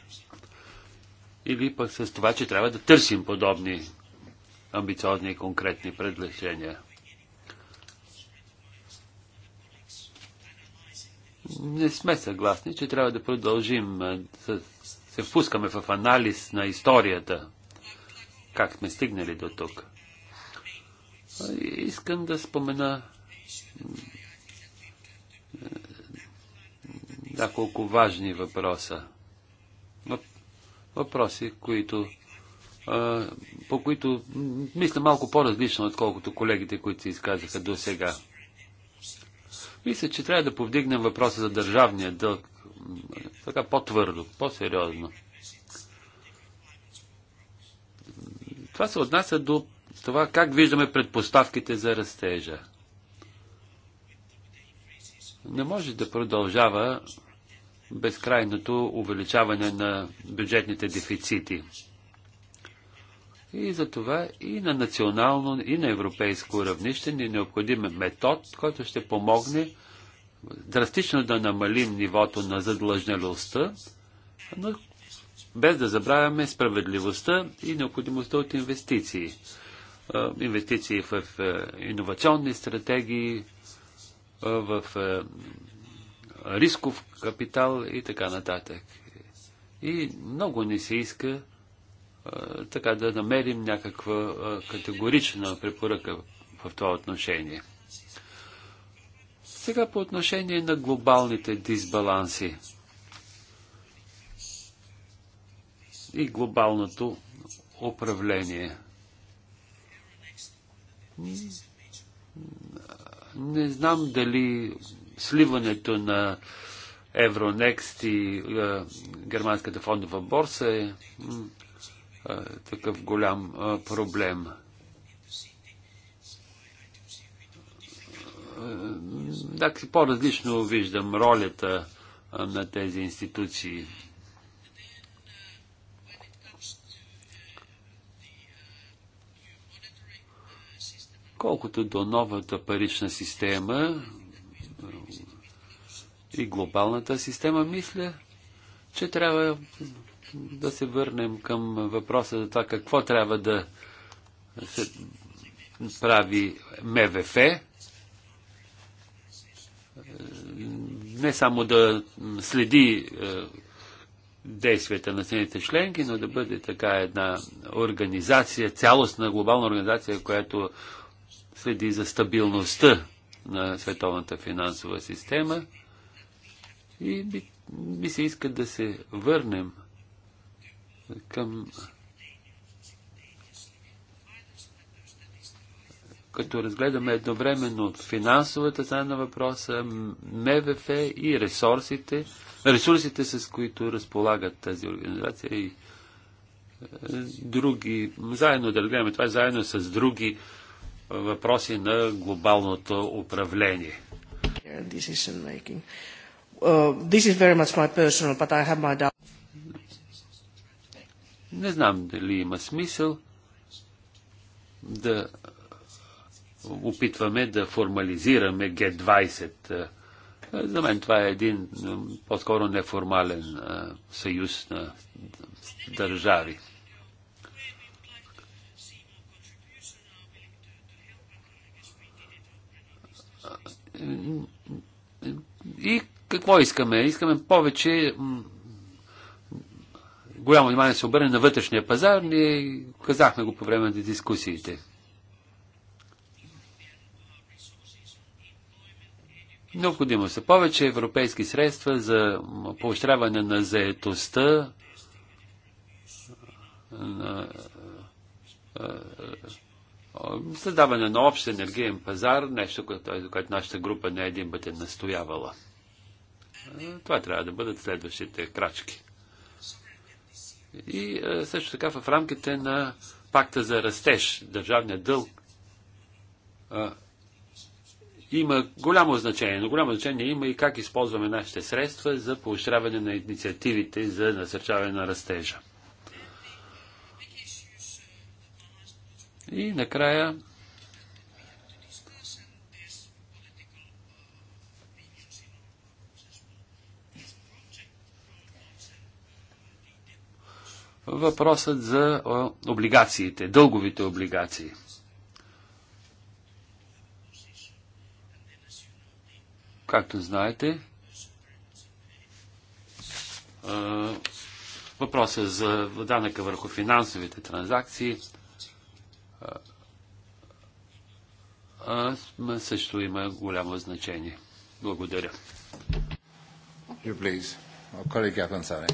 Или пък с това, че трябва да търсим подобни амбициозни и конкретни предложения. не сме съгласни, че трябва да продължим да се впускаме в анализ на историята, как сме стигнали до тук. Искам да спомена няколко важни въпроса. Въпроси, които, по които мисля малко по-различно, отколкото колегите, които се изказаха до сега. Мисля, че трябва да повдигнем въпроса за държавния дълг така по-твърдо, по-сериозно. Това се отнася до това как виждаме предпоставките за растежа. Не може да продължава безкрайното увеличаване на бюджетните дефицити. И за това и на национално, и на европейско равнище ни е необходим метод, който ще помогне драстично да намалим нивото на задлъжнялостта, но без да забравяме справедливостта и необходимостта от инвестиции. Инвестиции в иновационни стратегии, в рисков капитал и така нататък. И много ни се иска така да намерим някаква категорична препоръка в това отношение. Сега по отношение на глобалните дисбаланси и глобалното управление. Не знам дали сливането на Евронекст и е, Германската фондова борса е е, такъв голям е, проблем. Е, так, си по-различно виждам ролята на тези институции. Колкото до новата парична система и глобалната система, мисля, че трябва да се върнем към въпроса за това какво трябва да се прави МВФ. Не само да следи е, действията на цените членки, но да бъде така една организация, цялостна глобална организация, която следи за стабилността на световната финансова система. И би, се иска да се върнем към като разгледаме едновременно финансовата страна на въпроса, МВФ и ресурсите, ресурсите с които разполагат тази организация и е, други, заедно да разгледаме това, заедно с други е, въпроси на глобалното управление. Uh, не знам дали има смисъл да опитваме да формализираме Г20. За мен това е един по-скоро неформален съюз на държави. И какво искаме? Искаме повече голямо внимание се обърне на вътрешния пазар. Ние казахме го по време на дискусиите. Необходимо са повече европейски средства за поощряване на заетостта, на създаване на общ енергиен пазар, нещо, което, което нашата група не е един път е настоявала. Това трябва да бъдат следващите крачки. И е, също така в рамките на пакта за растеж, държавния дълг, е, има голямо значение, но голямо значение има и как използваме нашите средства за поощряване на инициативите за насърчаване на растежа. И накрая въпросът за облигациите, дълговите облигации. Както знаете, въпросът е за данъка върху финансовите транзакции също има голямо значение. Благодаря. You please. Колега Пансаре.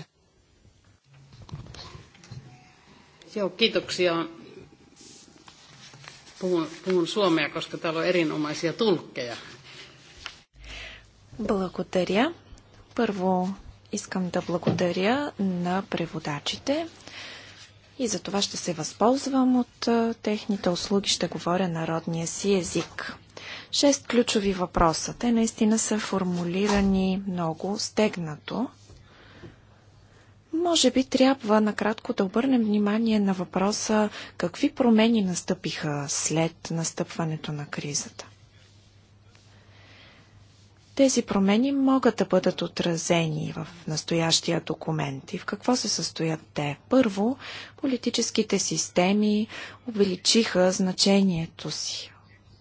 Joo, kiitoksia. Puhun, puhun suomea, koska täällä on erinomaisia tulkkeja. Благодаря. Първо искам да благодаря на преводачите и за това ще се възползвам от техните услуги, ще говоря народния си език. Шест ключови въпроса. Те наистина са формулирани много стегнато. Може би трябва накратко да обърнем внимание на въпроса какви промени настъпиха след настъпването на кризата. Тези промени могат да бъдат отразени в настоящия документ и в какво се състоят те. Първо, политическите системи увеличиха значението си.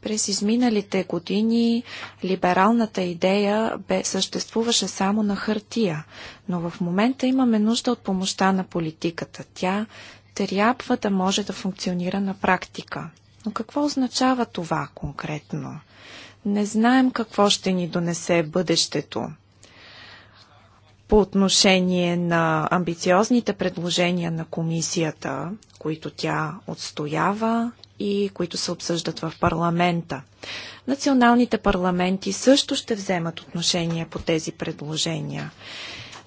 През изминалите години либералната идея бе, съществуваше само на хартия, но в момента имаме нужда от помощта на политиката. Тя трябва да може да функционира на практика. Но какво означава това конкретно? Не знаем какво ще ни донесе бъдещето по отношение на амбициозните предложения на комисията, които тя отстоява, и които се обсъждат в парламента. Националните парламенти също ще вземат отношение по тези предложения.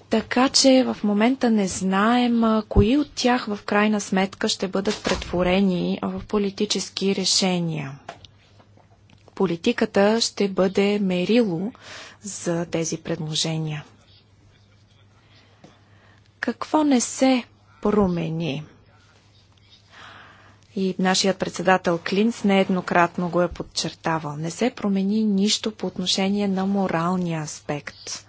Така че в момента не знаем а, кои от тях в крайна сметка ще бъдат претворени в политически решения. Политиката ще бъде мерило за тези предложения. Какво не се промени? и нашият председател Клинц нееднократно го е подчертавал. Не се промени нищо по отношение на моралния аспект.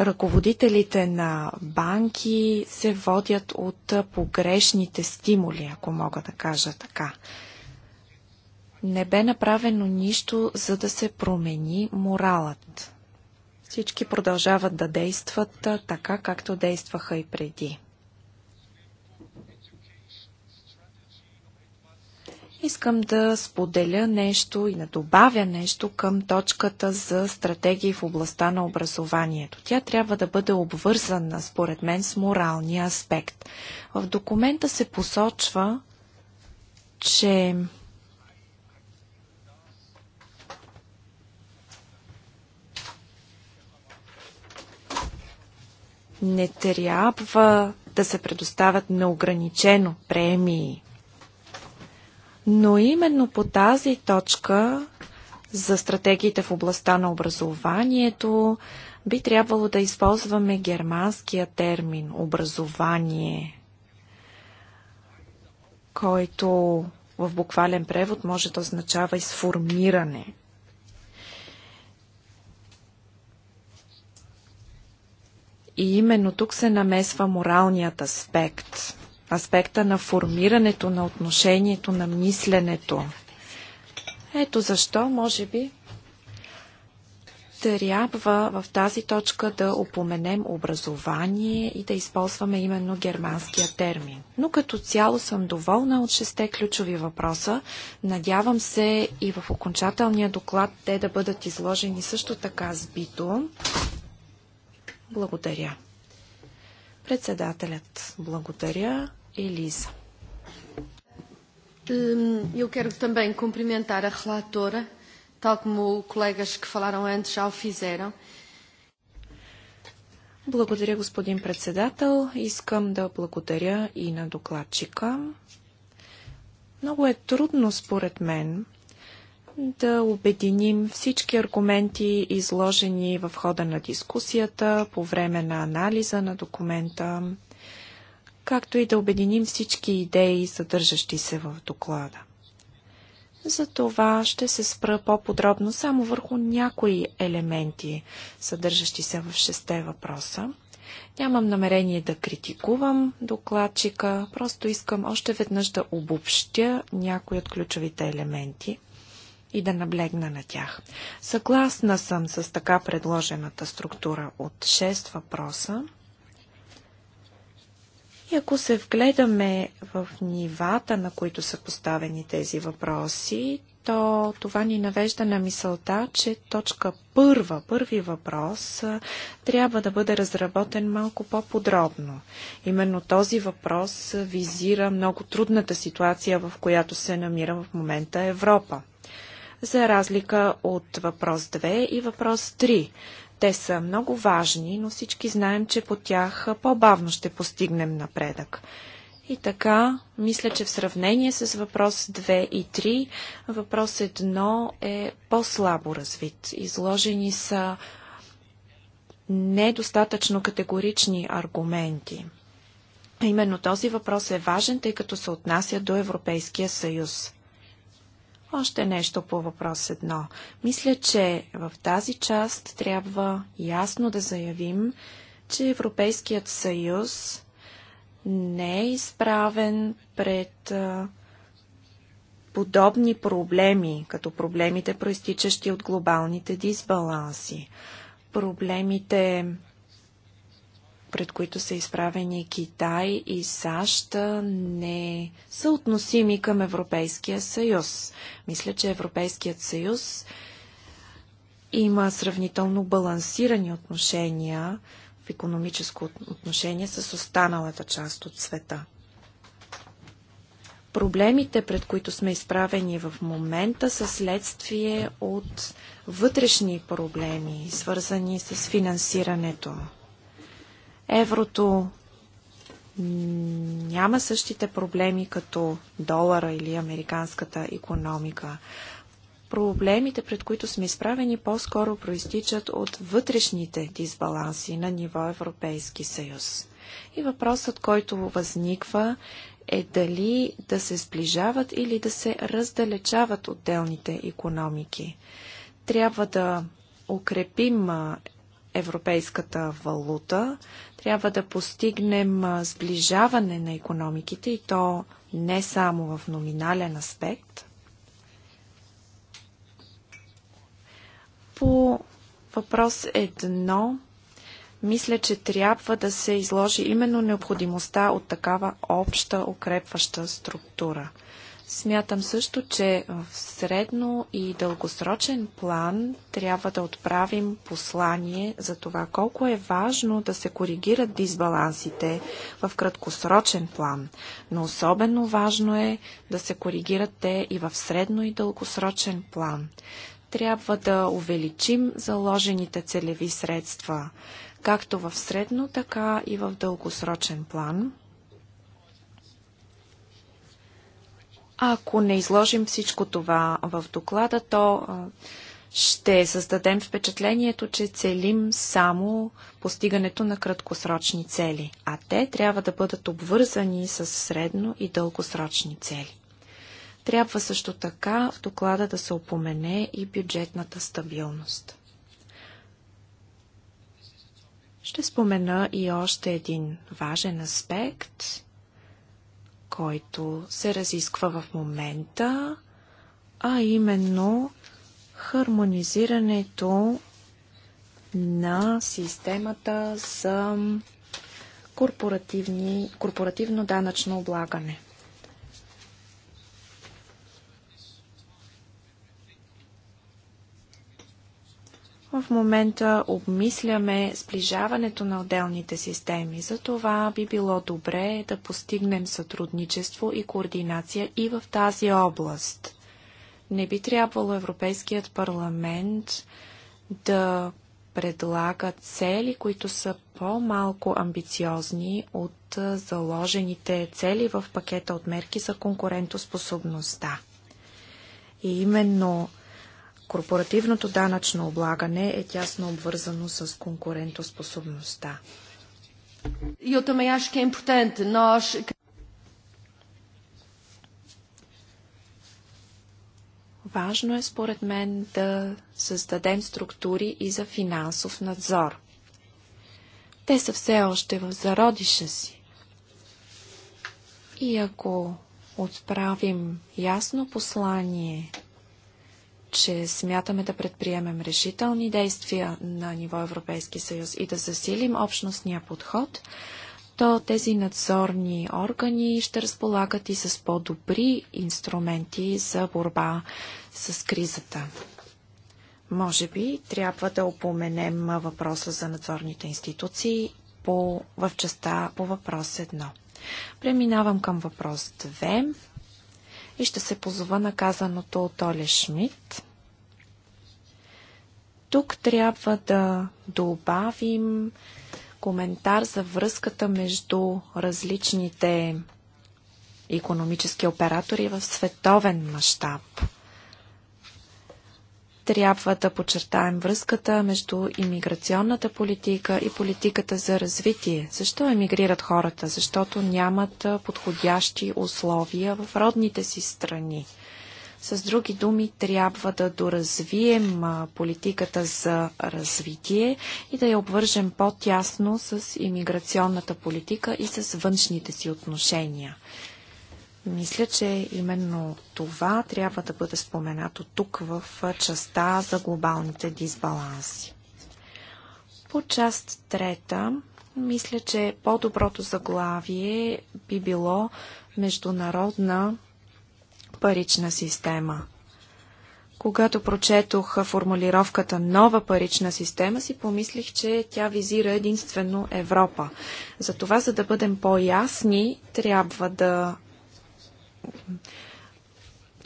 ръководителите на банки се водят от погрешните стимули, ако мога да кажа така. Не бе направено нищо, за да се промени моралът. Всички продължават да действат така, както действаха и преди. Искам да споделя нещо и да добавя нещо към точката за стратегии в областта на образованието. Тя трябва да бъде обвързана, според мен, с моралния аспект. В документа се посочва, че Не трябва да се предоставят неограничено премии. Но именно по тази точка за стратегиите в областта на образованието би трябвало да използваме германския термин образование, който в буквален превод може да означава изформиране – И именно тук се намесва моралният аспект, аспекта на формирането на отношението, на мисленето. Ето защо, може би, трябва в тази точка да упоменем образование и да използваме именно германския термин. Но като цяло съм доволна от шесте ключови въпроса. Надявам се и в окончателния доклад те да бъдат изложени също така сбито. Благодаря. Председателят, благодаря. Елиза. Eu quero também cumprimentar a relatora, tal como colegas que falaram antes já o fizeram. Благодаря, господин председател. Искам да благодаря и на докладчика. Много е трудно, според мен, да обединим всички аргументи, изложени в хода на дискусията, по време на анализа на документа, както и да обединим всички идеи, съдържащи се в доклада. За това ще се спра по-подробно само върху някои елементи, съдържащи се в шесте въпроса. Нямам намерение да критикувам докладчика, просто искам още веднъж да обобщя някои от ключовите елементи и да наблегна на тях. Съгласна съм с така предложената структура от 6 въпроса. И ако се вгледаме в нивата, на които са поставени тези въпроси, то това ни навежда на мисълта, че точка първа, първи въпрос трябва да бъде разработен малко по-подробно. Именно този въпрос визира много трудната ситуация, в която се намира в момента Европа за разлика от въпрос 2 и въпрос 3. Те са много важни, но всички знаем, че по тях по-бавно ще постигнем напредък. И така, мисля, че в сравнение с въпрос 2 и 3, въпрос 1 е по-слабо развит. Изложени са недостатъчно категорични аргументи. Именно този въпрос е важен, тъй като се отнася до Европейския съюз. Още нещо по въпрос едно. Мисля, че в тази част трябва ясно да заявим, че Европейският съюз не е изправен пред подобни проблеми, като проблемите, проистичащи от глобалните дисбаланси, проблемите, пред които са изправени Китай и САЩ, не са относими към Европейския съюз. Мисля, че Европейският съюз има сравнително балансирани отношения в економическо отношение с останалата част от света. Проблемите, пред които сме изправени в момента, са следствие от вътрешни проблеми, свързани с финансирането Еврото няма същите проблеми като долара или американската економика. Проблемите, пред които сме изправени, по-скоро проистичат от вътрешните дисбаланси на ниво Европейски съюз. И въпросът, който възниква, е дали да се сближават или да се раздалечават отделните економики. Трябва да укрепим европейската валута. Трябва да постигнем сближаване на економиките и то не само в номинален аспект. По въпрос едно, мисля, че трябва да се изложи именно необходимостта от такава обща укрепваща структура – Смятам също, че в средно и дългосрочен план трябва да отправим послание за това колко е важно да се коригират дисбалансите в краткосрочен план, но особено важно е да се коригират те и в средно и дългосрочен план. Трябва да увеличим заложените целеви средства, както в средно, така и в дългосрочен план – Ако не изложим всичко това в доклада, то ще създадем впечатлението, че целим само постигането на краткосрочни цели, а те трябва да бъдат обвързани с средно и дългосрочни цели. Трябва също така в доклада да се опомене и бюджетната стабилност. Ще спомена и още един важен аспект – който се разисква в момента, а именно хармонизирането на системата за корпоративно данъчно облагане. В момента обмисляме сближаването на отделните системи. За това би било добре да постигнем сътрудничество и координация и в тази област. Не би трябвало Европейският парламент да предлага цели, които са по-малко амбициозни от заложените цели в пакета от мерки за конкурентоспособността. И именно Корпоративното данъчно облагане е тясно обвързано с конкурентоспособността. Е Важно е, според мен, да създадем структури и за финансов надзор. Те са все още в зародиша си. И ако отправим ясно послание че смятаме да предприемем решителни действия на ниво Европейски съюз и да засилим общностния подход, то тези надзорни органи ще разполагат и с по-добри инструменти за борба с кризата. Може би трябва да опоменем въпроса за надзорните институции по, в частта по въпрос 1. Преминавам към въпрос 2 и ще се позова на казаното от Оле Шмидт. Тук трябва да добавим коментар за връзката между различните економически оператори в световен мащаб. Трябва да подчертаем връзката между имиграционната политика и политиката за развитие. Защо емигрират хората? Защото нямат подходящи условия в родните си страни. С други думи, трябва да доразвием политиката за развитие и да я обвържем по-тясно с имиграционната политика и с външните си отношения. Мисля, че именно това трябва да бъде споменато тук в частта за глобалните дисбаланси. По част трета, мисля, че по-доброто заглавие би било международна парична система. Когато прочетох формулировката нова парична система, си помислих, че тя визира единствено Европа. Затова, за да бъдем по-ясни, трябва да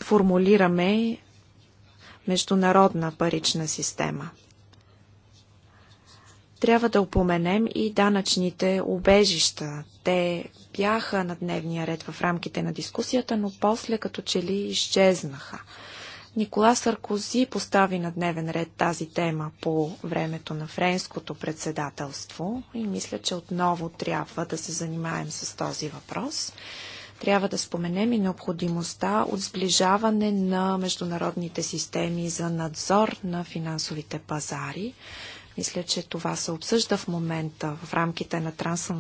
формулираме международна парична система. Трябва да упоменем и данъчните убежища. Те бяха на дневния ред в рамките на дискусията, но после като че ли изчезнаха. Никола Саркози постави на дневен ред тази тема по времето на френското председателство и мисля, че отново трябва да се занимаем с този въпрос. Трябва да споменем и необходимостта от сближаване на международните системи за надзор на финансовите пазари. Мисля, че това се обсъжда в момента в рамките на транс...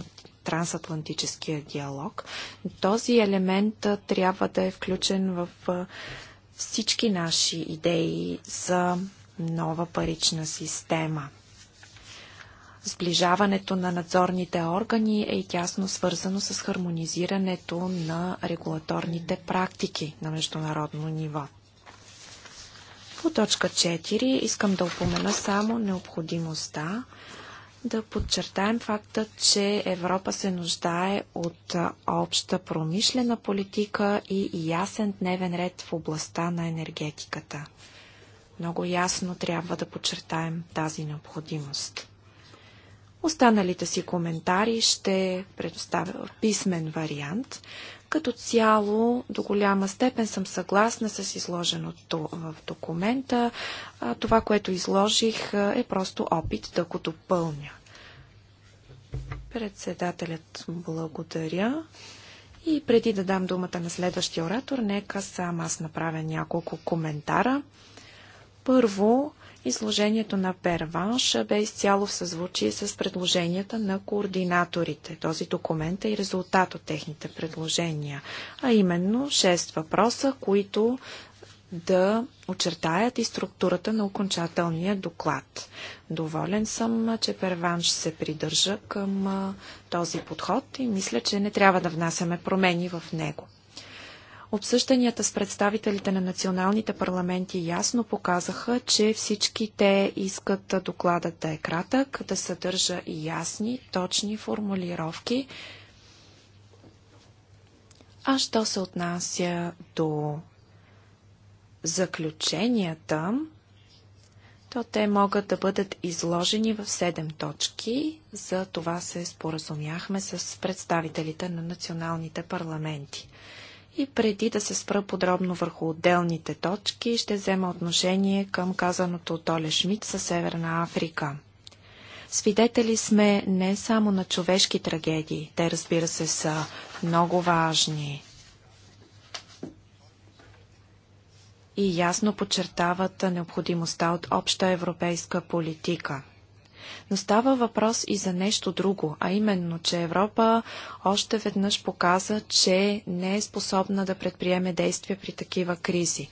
трансатлантическия диалог. Този елемент трябва да е включен в всички наши идеи за нова парична система. Сближаването на надзорните органи е и тясно свързано с хармонизирането на регулаторните практики на международно ниво. По точка 4 искам да упомена само необходимостта да подчертаем факта, че Европа се нуждае от обща промишлена политика и ясен дневен ред в областта на енергетиката. Много ясно трябва да подчертаем тази необходимост. Останалите си коментари ще предоставя писмен вариант. Като цяло, до голяма степен съм съгласна с изложеното в документа. това, което изложих, е просто опит да го допълня. Председателят благодаря. И преди да дам думата на следващия оратор, нека сам аз направя няколко коментара. Първо, Изложението на Перванш бе изцяло в съзвучие с предложенията на координаторите. Този документ е и резултат от техните предложения, а именно 6 въпроса, които да очертаят и структурата на окончателния доклад. Доволен съм, че Перванш се придържа към този подход и мисля, че не трябва да внасяме промени в него. Обсъжданията с представителите на националните парламенти ясно показаха, че всички те искат докладът да е кратък, да съдържа и ясни, точни формулировки. А що се отнася до заключенията, то те могат да бъдат изложени в 7 точки. За това се споразумяхме с представителите на националните парламенти. И преди да се спра подробно върху отделните точки, ще взема отношение към казаното от Оле Шмидт със Северна Африка. Свидетели сме не само на човешки трагедии, те разбира се са много важни и ясно подчертават необходимостта от обща европейска политика – но става въпрос и за нещо друго, а именно, че Европа още веднъж показа, че не е способна да предприеме действия при такива кризи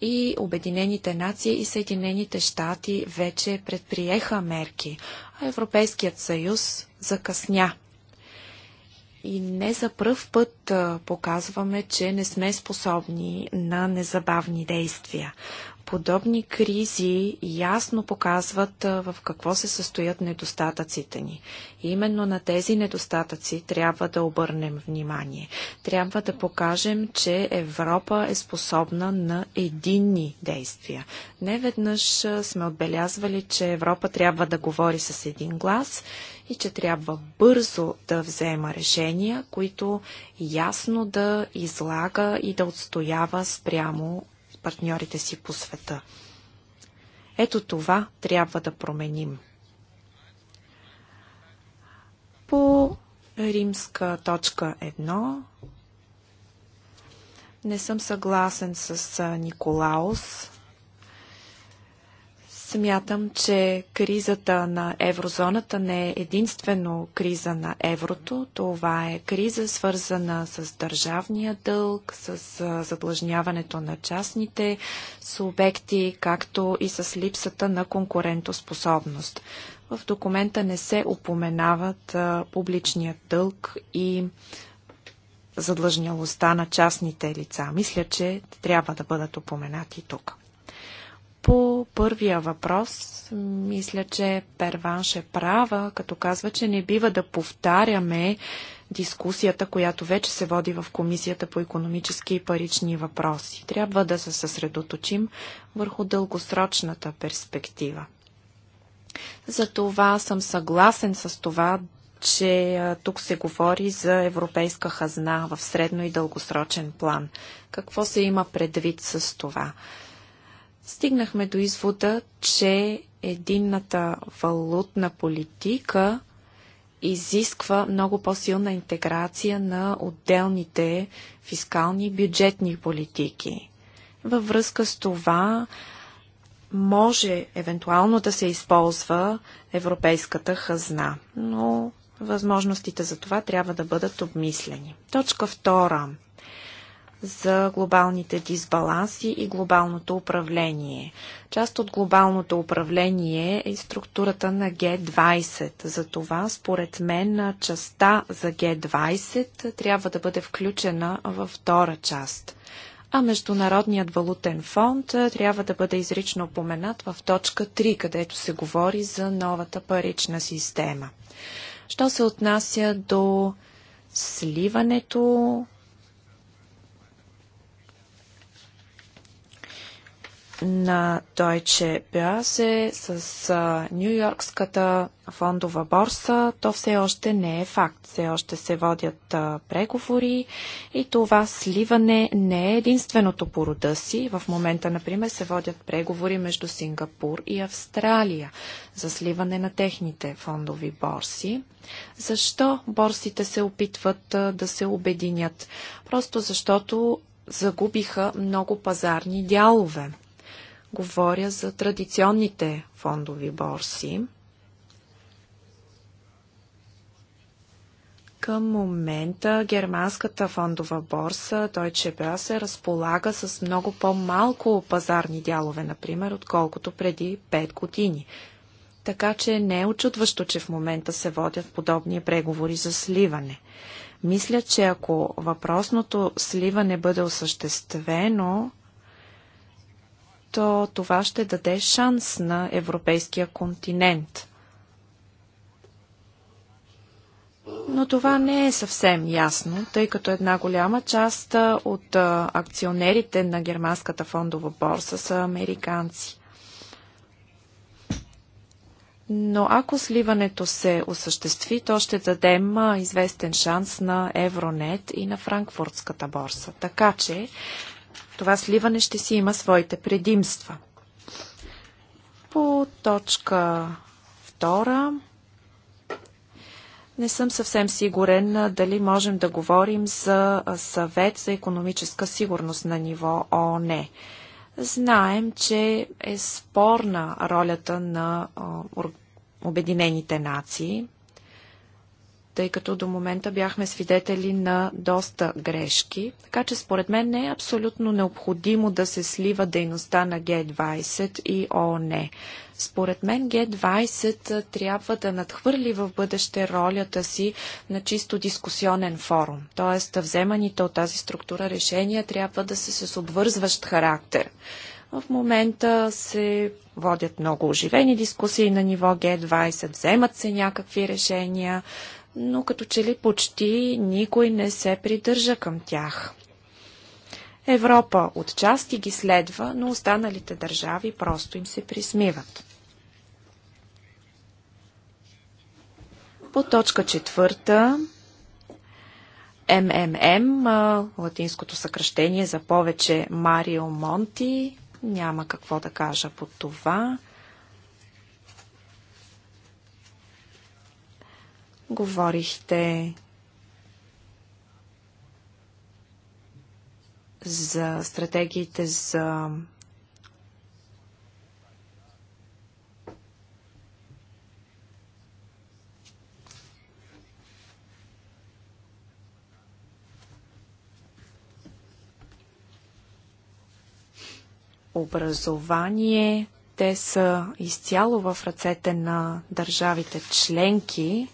и Обединените нации и Съединените щати вече предприеха мерки, а Европейският съюз закъсня. И не за пръв път показваме, че не сме способни на незабавни действия. Подобни кризи ясно показват в какво се състоят недостатъците ни. именно на тези недостатъци трябва да обърнем внимание. Трябва да покажем, че Европа е способна на единни действия. Не веднъж сме отбелязвали, че Европа трябва да говори с един глас и че трябва бързо да взема решения, които ясно да излага и да отстоява спрямо партньорите си по света. Ето това трябва да променим. По римска точка 1 не съм съгласен с Николаус Смятам, че кризата на еврозоната не е единствено криза на еврото. Това е криза свързана с държавния дълг, с задлъжняването на частните субекти, както и с липсата на конкурентоспособност. В документа не се упоменават публичният дълг и задлъжнялостта на частните лица. Мисля, че трябва да бъдат упоменати тук. По първия въпрос, мисля, че Перванш е права, като казва, че не бива да повтаряме дискусията, която вече се води в Комисията по економически и парични въпроси. Трябва да се съсредоточим върху дългосрочната перспектива. Затова съм съгласен с това, че тук се говори за европейска хазна в средно и дългосрочен план. Какво се има предвид с това? стигнахме до извода, че единната валутна политика изисква много по-силна интеграция на отделните фискални и бюджетни политики. Във връзка с това може евентуално да се използва европейската хазна, но възможностите за това трябва да бъдат обмислени. Точка втора за глобалните дисбаланси и глобалното управление. Част от глобалното управление е структурата на Г20. Затова, според мен, частта за Г20 трябва да бъде включена във втора част. А Международният валутен фонд трябва да бъде изрично упоменат в точка 3, където се говори за новата парична система. Що се отнася до сливането, на Deutsche Börse с а, Нью-Йоркската фондова борса, то все още не е факт. Все още се водят а, преговори и това сливане не е единственото по рода си. В момента, например, се водят преговори между Сингапур и Австралия за сливане на техните фондови борси. Защо борсите се опитват а, да се обединят? Просто защото загубиха много пазарни дялове. Говоря за традиционните фондови борси. Към момента германската фондова борса Deutsche Börse разполага с много по-малко пазарни дялове, например, отколкото преди 5 години. Така че не е очудващо, че в момента се водят подобни преговори за сливане. Мисля, че ако въпросното сливане бъде осъществено, то това ще даде шанс на европейския континент. Но това не е съвсем ясно, тъй като една голяма част от акционерите на германската фондова борса са американци. Но ако сливането се осъществи, то ще дадем известен шанс на Евронет и на Франкфуртската борса. Така че това сливане ще си има своите предимства. По точка втора не съм съвсем сигурен дали можем да говорим за съвет за економическа сигурност на ниво ООН. Знаем, че е спорна ролята на Обединените нации тъй като до момента бяхме свидетели на доста грешки. Така че според мен не е абсолютно необходимо да се слива дейността на Г20 и ООН. Според мен Г20 трябва да надхвърли в бъдеще ролята си на чисто дискусионен форум. Тоест, вземаните от тази структура решения трябва да са с обвързващ характер. В момента се водят много оживени дискусии на ниво Г20, вземат се някакви решения, но като че ли почти никой не се придържа към тях. Европа от части ги следва, но останалите държави просто им се присмиват. По точка четвърта МММ, латинското съкръщение за повече Марио Монти. Няма какво да кажа по това. Говорихте за стратегиите за образование. Те са изцяло в ръцете на държавите членки.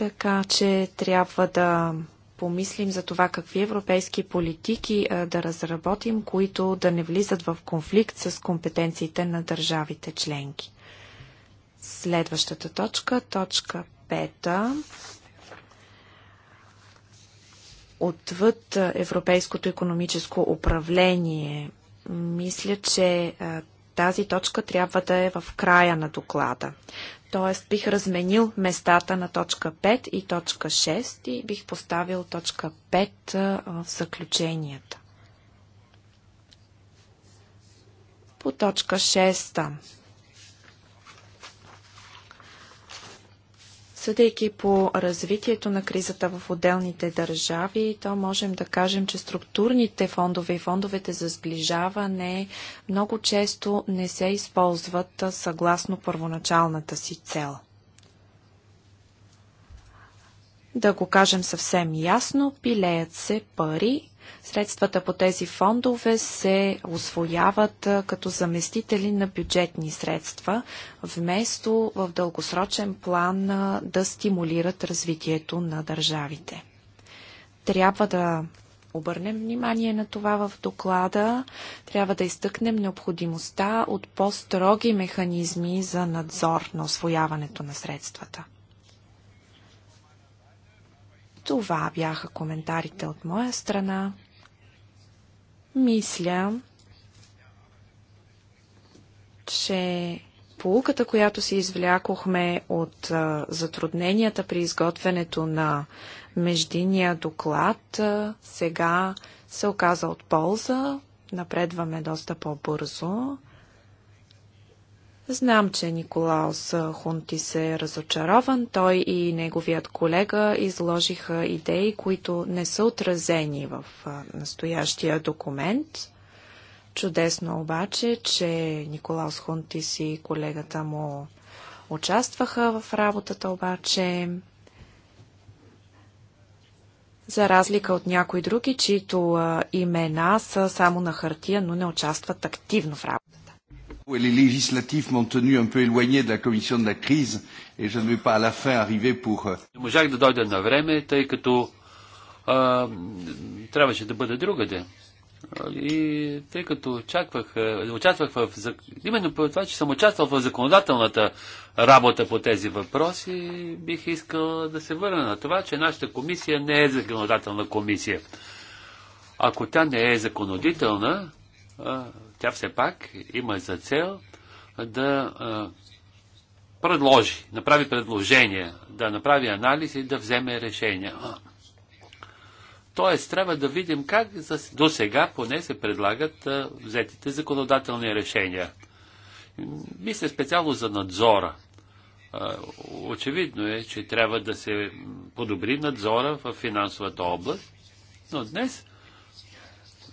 Така че трябва да помислим за това какви европейски политики да разработим, които да не влизат в конфликт с компетенциите на държавите членки. Следващата точка, точка 5 отвъд европейското економическо управление. Мисля, че тази точка трябва да е в края на доклада т.е. бих разменил местата на точка 5 и точка 6 и бих поставил точка 5 в заключенията. По точка 6 Съдейки по развитието на кризата в отделните държави, то можем да кажем, че структурните фондове и фондовете за сближаване много често не се използват съгласно първоначалната си цел. Да го кажем съвсем ясно, пилеят се пари, Средствата по тези фондове се освояват като заместители на бюджетни средства, вместо в дългосрочен план да стимулират развитието на държавите. Трябва да обърнем внимание на това в доклада, трябва да изтъкнем необходимостта от по-строги механизми за надзор на освояването на средствата. Това бяха коментарите от моя страна. Мисля, че полуката, която си извлякохме от а, затрудненията при изготвянето на междиния доклад, а, сега се оказа от полза. Напредваме доста по-бързо. Знам, че Николаус Хунтис е разочарован. Той и неговият колега изложиха идеи, които не са отразени в настоящия документ. Чудесно обаче, че Николаус Хунтис и колегата му участваха в работата обаче. За разлика от някои други, чието имена са само на хартия, но не участват активно в работата où les législatifs m'ont tenu un peu éloigné de la commission de la crise et je ne vais pas à la fin arriver pour... Euh, не можах да дойда на време, тъй като трябваше да бъда другаде. И тъй като очаквах, участвах в... Именно по това, че съм участвал в законодателната работа по тези въпроси, бих искал да се върна на това, че нашата комисия не е законодателна комисия. Ако тя не е законодителна, тя все пак има за цел да а, предложи, направи предложение, да направи анализ и да вземе решение. Тоест, трябва да видим как до сега поне се предлагат а, взетите законодателни решения. Мисля специално за надзора. А, очевидно е, че трябва да се подобри надзора в финансовата област, но днес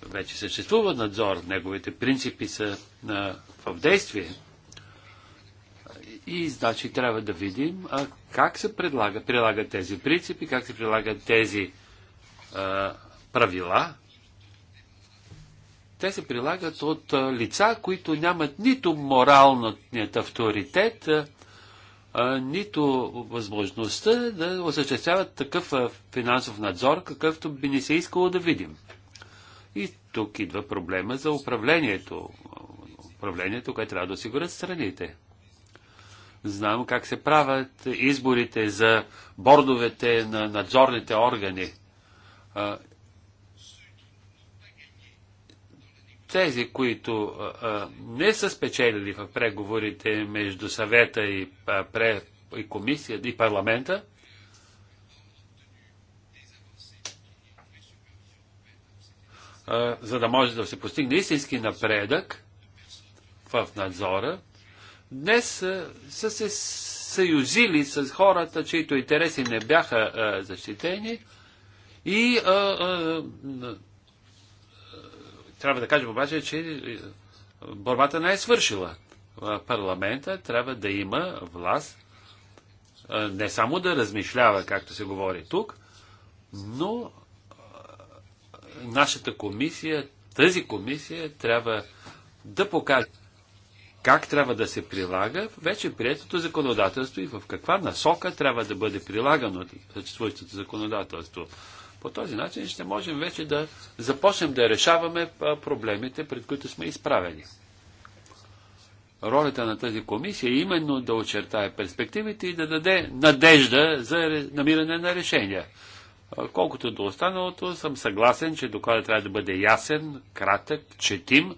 вече съществува надзор, неговите принципи са а, в действие. И значи трябва да видим а, как се предлага, прилагат тези принципи, как се прилагат тези а, правила. Те се прилагат от а, лица, които нямат нито моралният авторитет, а, а, нито възможността да осъществяват такъв а, финансов надзор, какъвто би ни се искало да видим тук идва проблема за управлението. Управлението, което трябва да осигурят страните. Знам как се правят изборите за бордовете на надзорните органи. Тези, които не са спечелили в преговорите между съвета и, и комисията и парламента, за да може да се постигне истински напредък в надзора, днес са се съюзили с хората, чието интереси не бяха а, защитени и а, а, трябва да кажем обаче, че борбата не е свършила. Парламента трябва да има власт не само да размишлява, както се говори тук, но нашата комисия, тази комисия трябва да покаже как трябва да се прилага вече приетото законодателство и в каква насока трябва да бъде прилагано съществуващото законодателство. По този начин ще можем вече да започнем да решаваме проблемите, пред които сме изправени. Ролята на тази комисия е именно да очертае перспективите и да даде надежда за намиране на решения. Колкото до останалото, съм съгласен, че докладът трябва да бъде ясен, кратък, четим,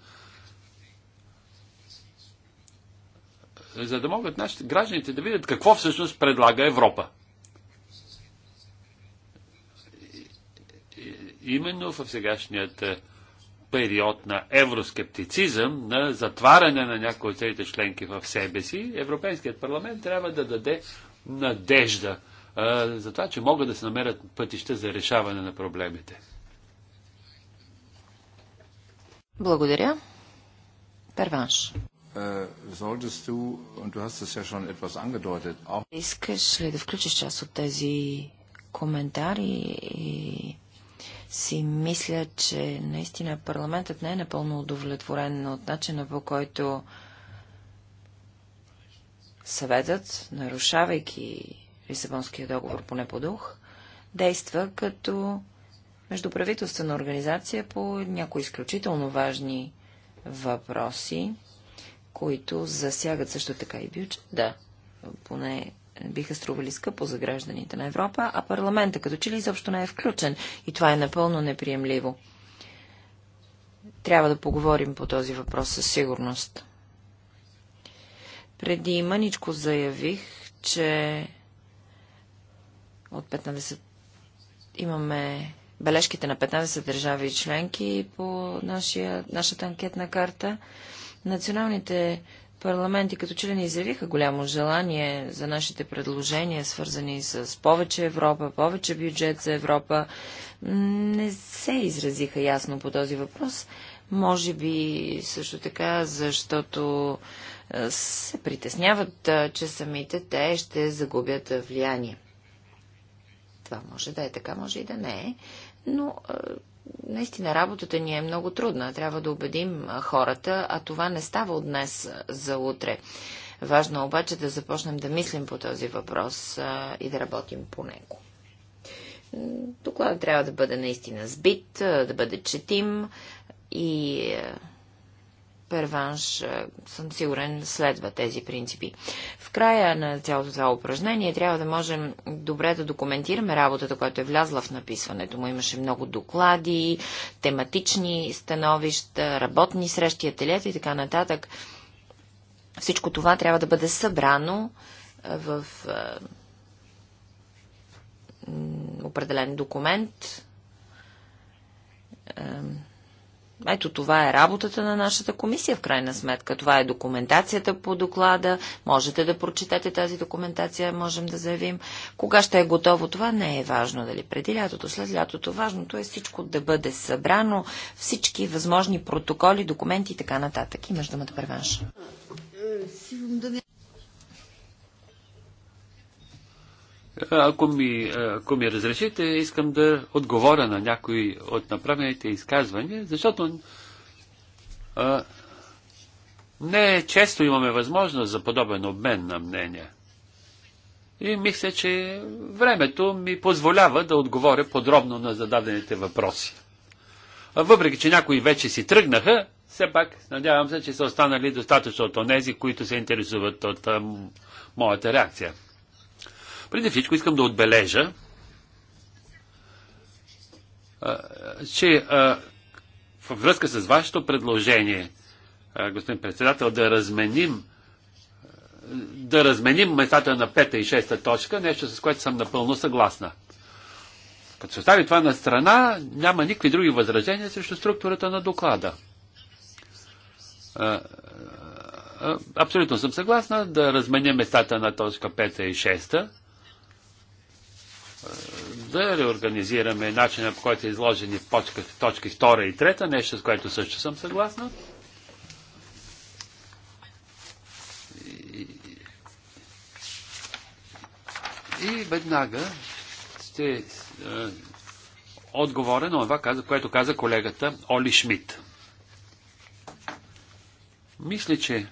за да могат нашите гражданите да видят какво всъщност предлага Европа. Именно в сегашният е, период на евроскептицизъм, на затваряне на някои от целите членки в себе си, Европейският парламент трябва да даде надежда за това, че могат да се намерят пътища за решаване на проблемите. Благодаря. Перванш. Е, Искаш ли да включиш част от тези коментари и си мисля, че наистина парламентът не е напълно удовлетворен от начина по който съветът, нарушавайки Лисабонския договор поне по дух, действа като междуправителствена организация по някои изключително важни въпроси, които засягат също така и бюджет. Да, поне биха стрували скъпо за гражданите на Европа, а парламента като че ли изобщо не е включен и това е напълно неприемливо. Трябва да поговорим по този въпрос със сигурност. Преди мъничко заявих, че от 15 имаме бележките на 15 държави и членки по нашия, нашата анкетна карта. Националните парламенти като че ли не изявиха голямо желание за нашите предложения, свързани с повече Европа, повече бюджет за Европа. Не се изразиха ясно по този въпрос. Може би също така, защото е, се притесняват, е, че самите те ще загубят е, влияние. Това може да е така, може и да не е, но наистина работата ни е много трудна. Трябва да убедим хората, а това не става от днес за утре. Важно е обаче да започнем да мислим по този въпрос а, и да работим по него. Докладът трябва да бъде наистина сбит, да бъде четим и перванш, е, съм сигурен, следва тези принципи. В края на цялото това упражнение трябва да можем добре да документираме работата, която е влязла в написването му. Имаше много доклади, тематични становища, работни срещи, ателиета и така нататък. Всичко това трябва да бъде събрано е, в е, определен документ, ето това е работата на нашата комисия в крайна сметка. Това е документацията по доклада. Можете да прочетете тази документация, можем да заявим. Кога ще е готово това, не е важно. Дали преди лятото, след лятото. Важното е всичко да бъде събрано, всички възможни протоколи, документи и така нататък. Имаш думата преванш. Е, Ако ми, ако ми разрешите, искам да отговоря на някои от направените изказвания, защото а, не често имаме възможност за подобен обмен на мнения. И мисля, че времето ми позволява да отговоря подробно на зададените въпроси. А въпреки, че някои вече си тръгнаха, все пак надявам се, че са останали достатъчно от онези, които се интересуват от а, моята реакция. Преди всичко искам да отбележа, че във връзка с вашето предложение, господин председател, да разменим да разменим местата на пета и шеста точка, нещо с което съм напълно съгласна. Като се остави това на страна, няма никакви други възражения срещу структурата на доклада. Абсолютно съм съгласна да разменя местата на точка 5 и 6 да реорганизираме начина по който са е изложени в точки 2 и 3, нещо с което също съм съгласна. И, и веднага ще е, отговоря на това, което каза колегата Оли Шмидт. Мисля, че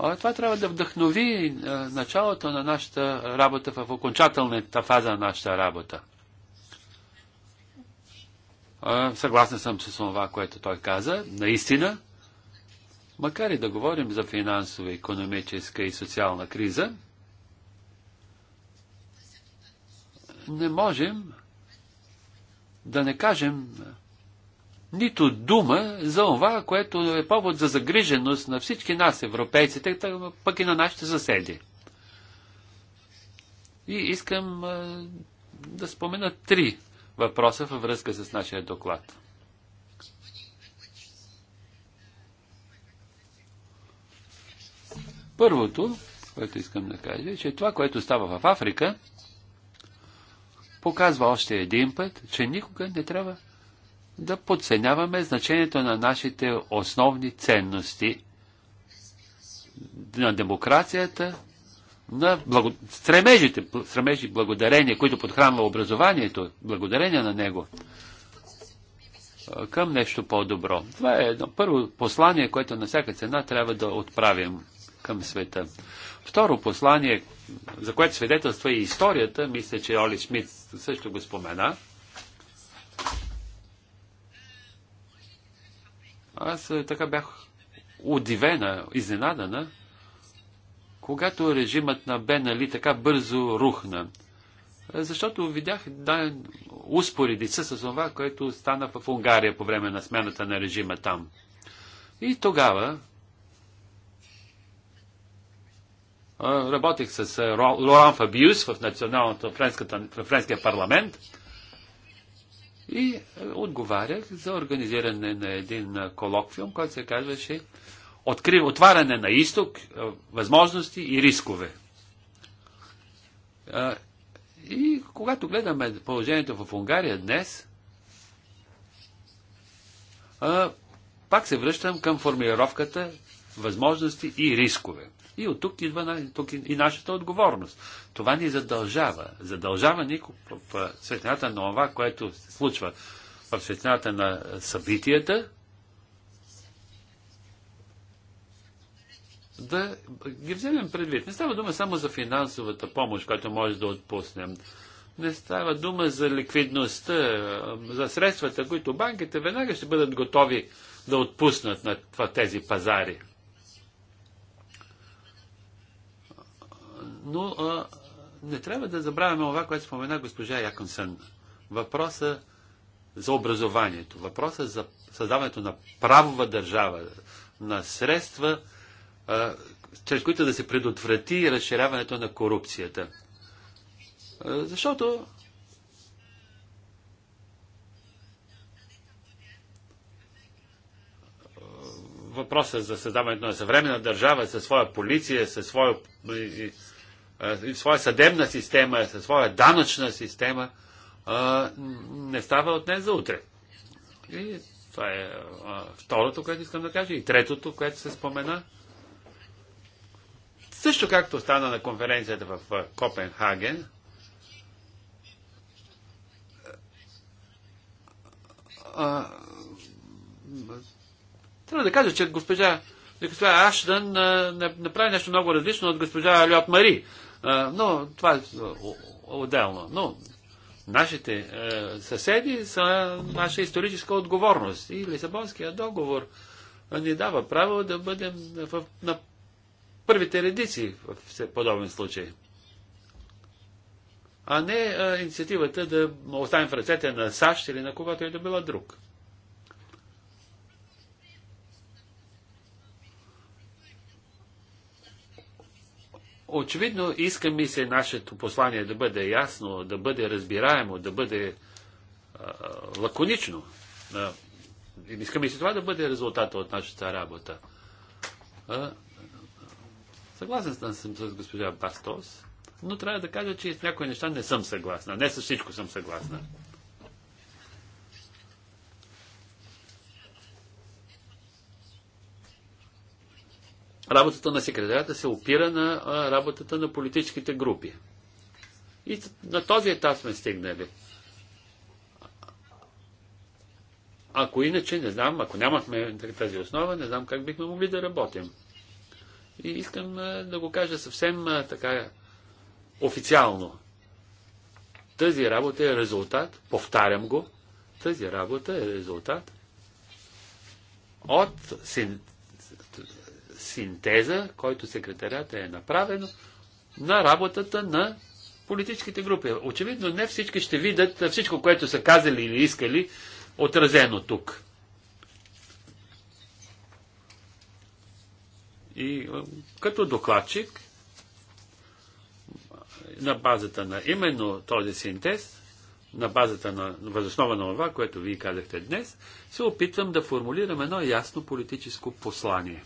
това трябва да вдъхнови е, началото на нашата работа в окончателната фаза на нашата работа. Съгласен съм с това, което той каза. Наистина, макар и да говорим за финансова, економическа и социална криза, не можем да не кажем нито дума за това, което е повод за загриженост на всички нас, европейците, пък и на нашите съседи. И искам да спомена три въпроса във връзка с нашия доклад. Първото, което искам да кажа, е, че това, което става в Африка, показва още един път, че никога не трябва да подценяваме значението на нашите основни ценности на демокрацията, на благо... стремежите, стремежи благодарение, които подхранва образованието, благодарение на него, към нещо по-добро. Това е едно първо послание, което на всяка цена трябва да отправим към света. Второ послание, за което свидетелства и историята, мисля, че Оли Шмидт също го спомена – Аз е, така бях удивена, изненадана, когато режимът на Бен Али така бързо рухна. Защото видях да, успоредица с това, което стана в Унгария по време на смяната на режима там. И тогава работех с Лоран Фабиус в националната френската, френския парламент и е, отговарях за организиране на един е, колоквиум, който се казваше открив, отваряне на изток, е, възможности и рискове. И когато гледаме положението в Унгария днес, пак се връщам към формулировката възможности и рискове. И от тук идва тук и нашата отговорност. Това ни задължава. Задължава ни в светлината на това, което се случва в светлината на събитията, да ги вземем предвид. Не става дума само за финансовата помощ, която може да отпуснем. Не става дума за ликвидността, за средствата, които банките веднага ще бъдат готови да отпуснат на тези пазари. но а, не трябва да забравяме това, което спомена госпожа Яконсън. Въпроса за образованието, въпроса за създаването на правова държава, на средства, а, чрез които да се предотврати разширяването на корупцията. А, защото въпроса за създаването на съвременна държава, със своя полиция, със своя своя съдебна система, със своя данъчна система, не става от днес за утре. И това е второто, което искам да кажа. И третото, което се спомена. Също както стана на конференцията в Копенхаген, трябва да кажа, че госпожа Ашдън направи нещо много различно от госпожа Льот Мари но това е отделно. Но нашите е, съседи са наша историческа отговорност. И Лисабонския договор ни дава право да бъдем в, на първите редици в подобен случай. А не е, инициативата да оставим в ръцете на САЩ или на когото и е да била друг. Очевидно искаме се нашето послание да бъде ясно, да бъде разбираемо, да бъде а, лаконично. А, искаме се това да бъде резултата от нашата работа. А, съгласен съм с госпожа Бастос, но трябва да кажа, че с някои неща не съм съгласна. Не с всичко съм съгласна. работата на секретарята се опира на работата на политическите групи. И на този етап сме стигнали. Ако иначе, не знам, ако нямахме тази основа, не знам как бихме могли да работим. И искам да го кажа съвсем така официално. Тази работа е резултат, повтарям го, тази работа е резултат от синтеза, който секретарята е направено на работата на политическите групи. Очевидно не всички ще видят всичко, което са казали или искали, отразено тук. И като докладчик, на базата на именно този синтез, на базата на възоснова на това, което вие казахте днес, се опитвам да формулирам едно ясно политическо послание.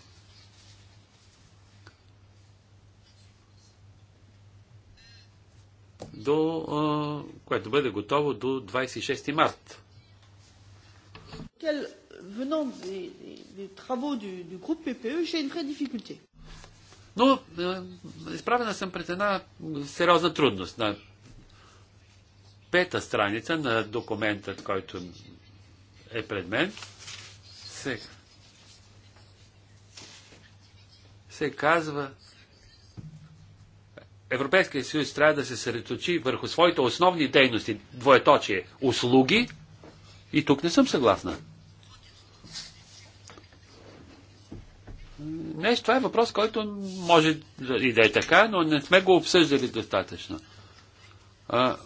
до, което бъде готово до 26 март. E, Но изправена съм пред една сериозна трудност. На пета страница на документът, който е пред мен, се, се казва, Европейския съюз трябва да се съреточи върху своите основни дейности, двоеточие, услуги, и тук не съм съгласна. Не, това е въпрос, който може и да е така, но не сме го обсъждали достатъчно. А,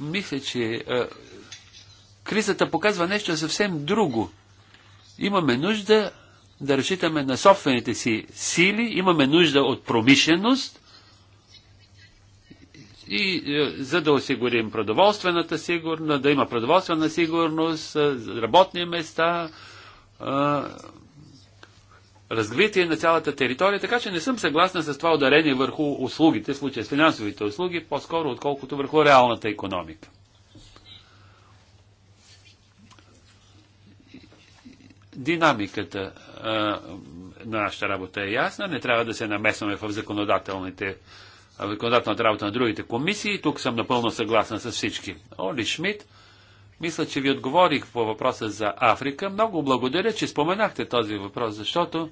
мисля, че а, кризата показва нещо съвсем друго. Имаме нужда да разчитаме на собствените си сили, имаме нужда от промишленост и е, за да осигурим продоволствената сигурност, да има продоволствена сигурност, е, работни места, е, развитие на цялата територия, така че не съм съгласна с това ударение върху услугите, в случая с финансовите услуги, по-скоро отколкото върху реалната економика. Динамиката на нашата работа е ясна. Не трябва да се намесваме в законодателните законодателната работа на другите комисии. Тук съм напълно съгласен с всички. Оли Шмидт, мисля, че ви отговорих по въпроса за Африка. Много благодаря, че споменахте този въпрос, защото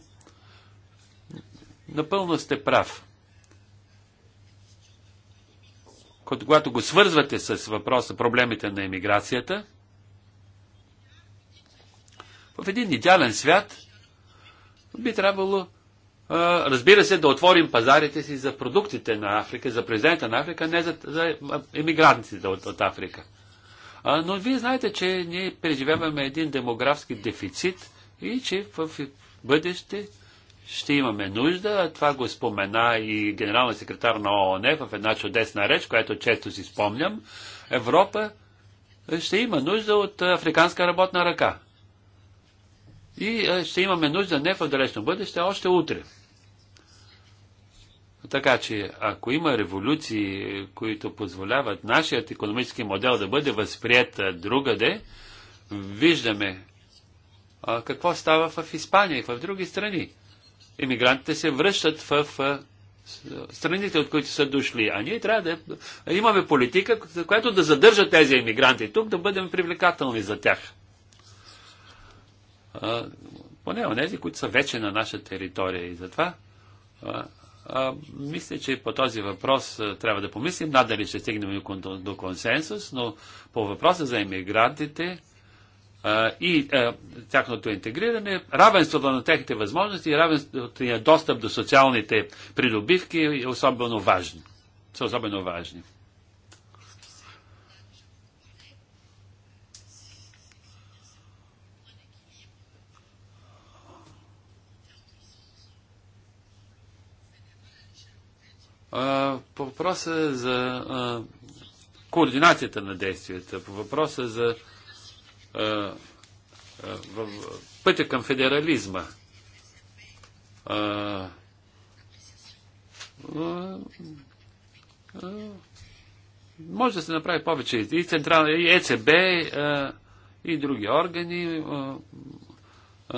напълно сте прав. Когато го свързвате с въпроса проблемите на емиграцията, в един идеален свят би трябвало, разбира се, да отворим пазарите си за продуктите на Африка, за президента на Африка, не за, за емигрантите от, от Африка. Но вие знаете, че ние преживяваме един демографски дефицит и че в бъдеще ще имаме нужда. Това го спомена и генерална секретар на ООН в една чудесна реч, която често си спомням. Европа ще има нужда от африканска работна ръка. И е, ще имаме нужда не в далечно бъдеще, а още утре. Така че, ако има революции, които позволяват нашият економически модел да бъде възприят е, другаде, виждаме а, какво става в Испания и в други страни. Емигрантите се връщат в а, страните, от които са дошли. А ние трябва да имаме политика, която да задържа тези емигранти тук, да бъдем привлекателни за тях. Поне от тези, които са вече на наша територия. И затова а, а, мисля, че по този въпрос а, трябва да помислим. Надали ще стигнем до консенсус, но по въпроса за иммигрантите а, и а, тяхното интегриране, равенството на техните възможности и равенството на достъп до социалните придобивки е особено важно. Са особено важни. по въпроса за координацията на действията, по въпроса за пътя към федерализма. Може да се направи повече и Централна, и ЕЦБ, и други органи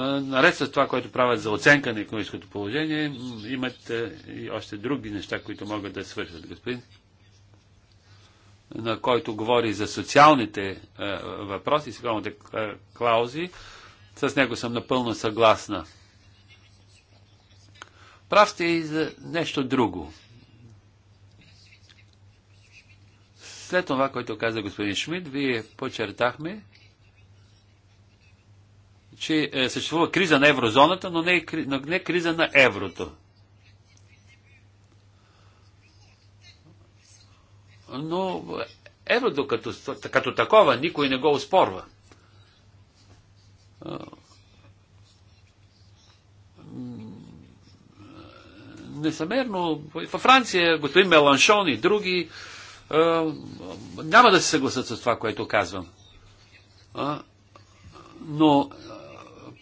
наред с това, което правят за оценка на економическото положение, имат е, и още други неща, които могат да свършат. Господин, на който говори за социалните е, въпроси, социалните е, клаузи, с него съм напълно съгласна. Прав сте и за нещо друго. След това, което каза господин Шмидт, вие подчертахме, че е, съществува криза на еврозоната, но не, е, но не е криза на еврото. Но еврото като, като такова никой не го успорва. Несъмерно, във Франция господин Меланшон и други няма да се съгласат с това, което казвам. но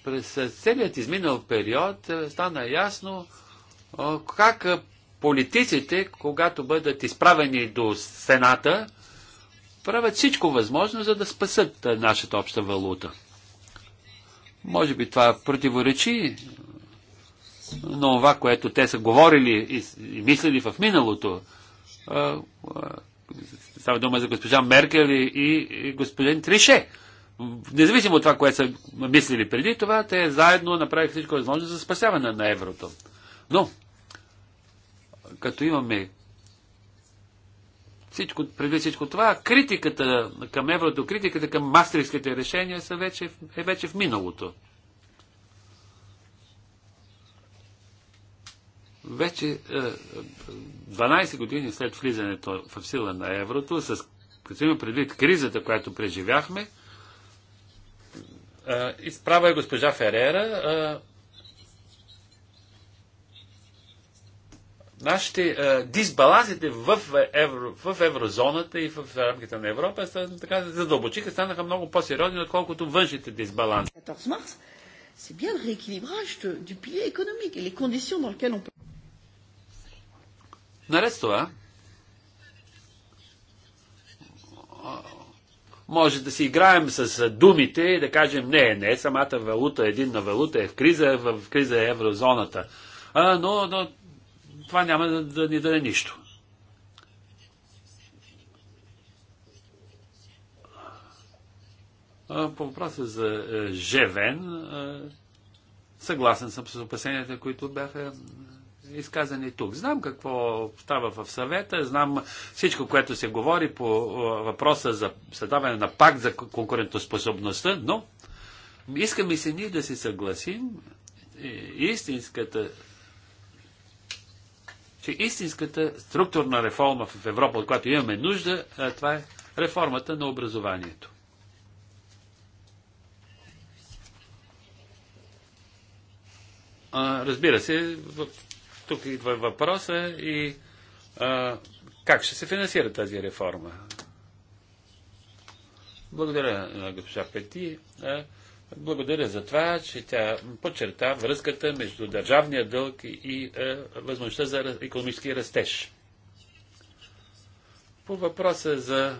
през целият изминал период е, стана ясно как е, политиците, когато бъдат изправени до Сената, правят всичко възможно, за да спасат е, нашата обща валута. Може би това противоречи на това, което те са говорили и мислили в миналото. Става дума за госпожа Меркел и господин Трише независимо от това, което са мислили преди това, те заедно направиха всичко възможно за спасяване на еврото. Но, като имаме всичко, преди всичко това, критиката към еврото, критиката към мастерските решения са вече, е вече в миналото. Вече 12 е, години след влизането в сила на еврото, с, като има предвид кризата, която преживяхме, Изправа е госпожа Ферера. Нашите дисбалансите в, евро, в еврозоната и в рамките на Европа са, така, задълбочиха, станаха много по-сериозни, отколкото външните дисбаланси. C'est bien le rééquilibrage du pilier économique et les conditions dans lesquelles on peut. Наред с това, Може да си играем с думите и да кажем не, не, самата валута, единна валута е в криза, е в криза е еврозоната. А, но, но това няма да, да ни даде нищо. По въпроса за е, Жевен, е, съгласен съм с опасенията, които бяха изказани тук. Знам какво става в съвета, знам всичко, което се говори по е, въпроса за създаване на пакт за конкурентоспособността, но искаме се ние да се съгласим е, истинската че истинската структурна реформа в Европа, от която имаме нужда, е, това е реформата на образованието. разбира се, тук идва въпроса и а, как ще се финансира тази реформа. Благодаря на госпожа Пети. Благодаря за това, че тя подчерта връзката между държавния дълг и, и е, възможността за економически растеж. По въпроса за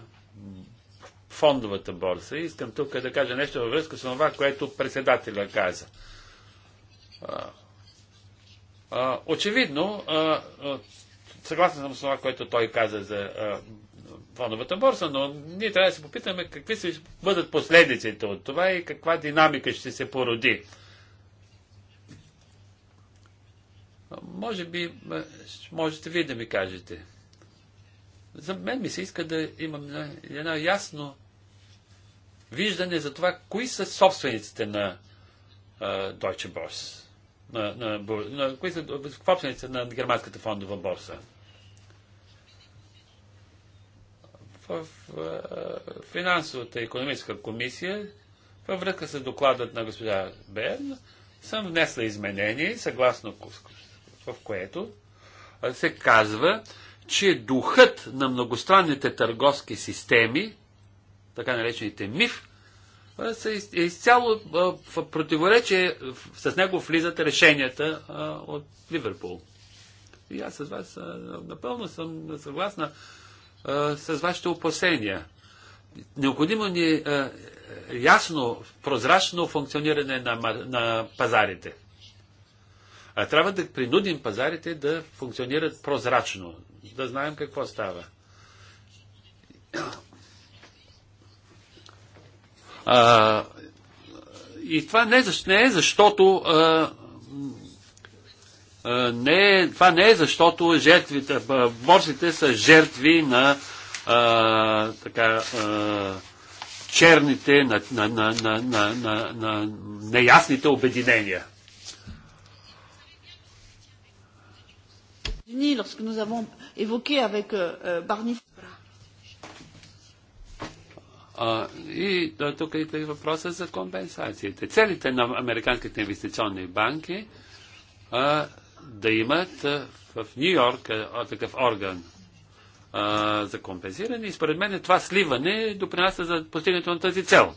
фондовата борса, искам тук да кажа нещо във връзка с това, което председателя каза очевидно, съгласен съм с това, което той каза за фоновата борса, но ние трябва да се попитаме какви ще бъдат последиците от това и каква динамика ще се породи. Може би, можете вие да ми кажете. За мен ми се иска да имам едно ясно виждане за това, кои са собствениците на Deutsche Börse на, на, на, кои са собствениците на германската фондова борса? В, в финансовата и економическа комисия, във връзка с докладът на госпожа Берн, съм внесла изменение, съгласно в което се казва, че духът на многостранните търговски системи, така наречените МИФ, е, са из, изцяло е, в противоречие с него влизат решенията е, от Ливерпул. И аз с вас напълно съм съгласна с вашите опасения. Необходимо ни е ясно, прозрачно функциониране на, на пазарите. А трябва да принудим пазарите да функционират прозрачно, да знаем какво става. А, и това не, е не е защото. А, не, е- това не е защото жертвите, борците са жертви на а, така, а, черните, на, на, на, на, на, на, на неясните обединения. lorsque nous avons évoqué avec euh, euh Barnier а, и да, тук и и въпроса за компенсациите. Целите на американските инвестиционни банки а, да имат в Нью Йорк такъв орган а, за компенсиране и според мен това сливане допринася за постигането на тази цел.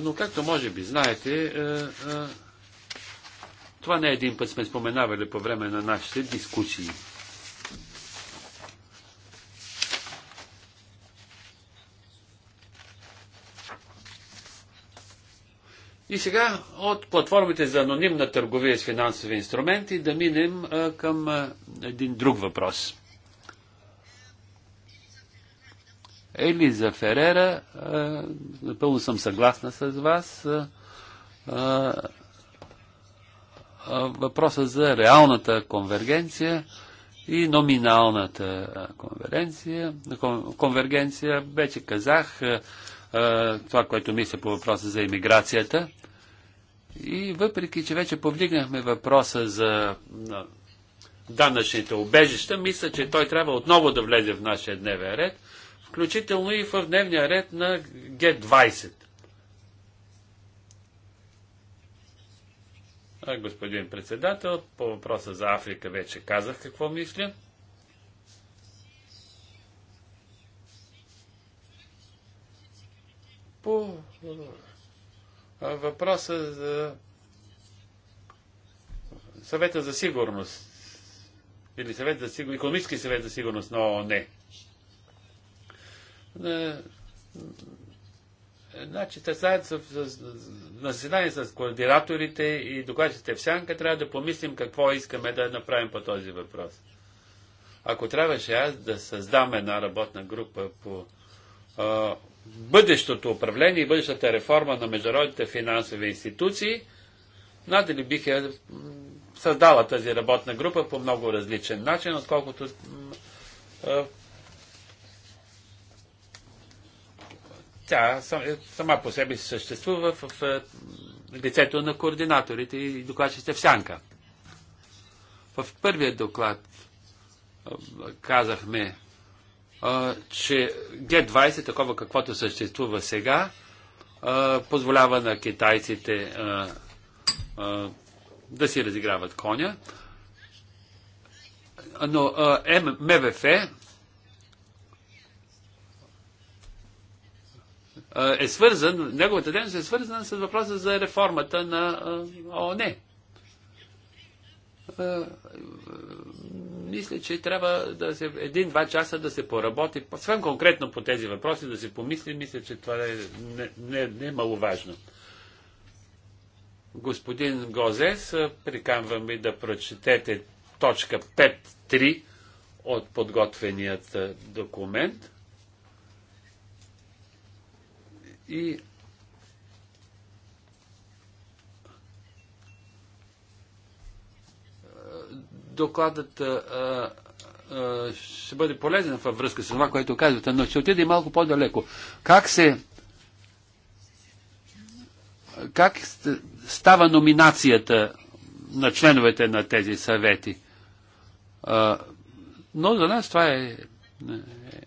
но както може би знаете, а, е, а, е, това не е един път сме споменавали по време на нашите дискусии. И сега от платформите за анонимна търговия с финансови инструменти да минем а, към а, един друг въпрос. Елиза Ферера, а, напълно съм съгласна с вас. Въпроса за реалната конвергенция и номиналната конвергенция. конвергенция, вече казах, това, което мисля по въпроса за иммиграцията. И въпреки, че вече повдигнахме въпроса за данъчните обежища, мисля, че той трябва отново да влезе в нашия дневен ред, включително и в дневния ред на Г20. господин председател, по въпроса за Африка вече казах какво мисля. По въпроса за съвета за сигурност или съвет за сигурност, економически съвет за сигурност на ООН. Значи, те са на заседание с координаторите и докладчиците в сянка, трябва да помислим какво искаме да направим по този въпрос. Ако трябваше аз да създам една работна група по бъдещото управление и бъдещата реформа на международните финансови институции, надали бих я създала тази работна група по много различен начин, отколкото тя е, сама по себе си съществува в, в лицето на координаторите и докладчите в сянка. В първия доклад казахме, че g 20 такова каквото съществува сега, позволява на китайците да си разиграват коня. Но МВФ е свързан, неговата дейност е свързана с въпроса за реформата на ООН. Е, е, мисля, че трябва да се един-два часа да се поработи. Съвсем конкретно по тези въпроси да се помисли, мисля, че това е не, не, не е маловажно. Господин Гозес, е, приканвам ви да прочетете точка 5.3 от подготвеният документ. И докладът а, а, ще бъде полезен във връзка с това, което казвате, но ще отиде малко по-далеко. Как се как става номинацията на членовете на тези съвети? А, но за нас това е, е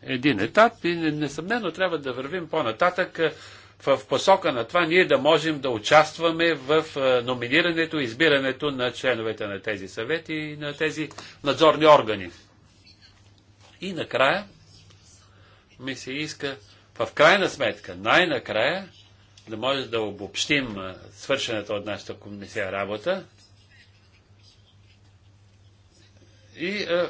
един етап и несъмнено трябва да вървим по-нататък в посока на това ние да можем да участваме в е, номинирането и избирането на членовете на тези съвети и на тези надзорни органи. И накрая ми се иска в крайна сметка, най-накрая, да може да обобщим е, свършената от нашата комисия работа и е,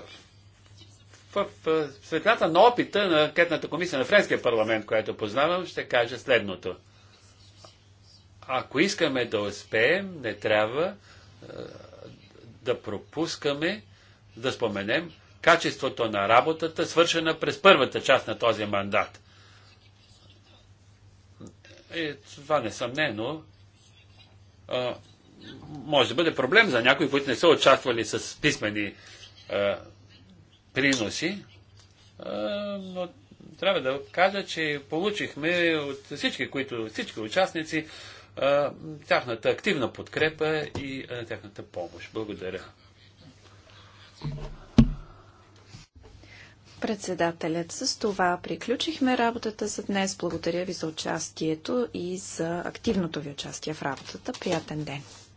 в светлата на опита на анкетната комисия на Френския парламент, която познавам, ще кажа следното. Ако искаме да успеем, не трябва е, да пропускаме, да споменем качеството на работата, свършена през първата част на този мандат. И е, това несъмнено е, може да бъде проблем за някои, които не са участвали с писмени приноси, но трябва да кажа, че получихме от всички, които, всички участници тяхната активна подкрепа и тяхната помощ. Благодаря. Председателят, с това приключихме работата за днес. Благодаря ви за участието и за активното ви участие в работата. Приятен ден!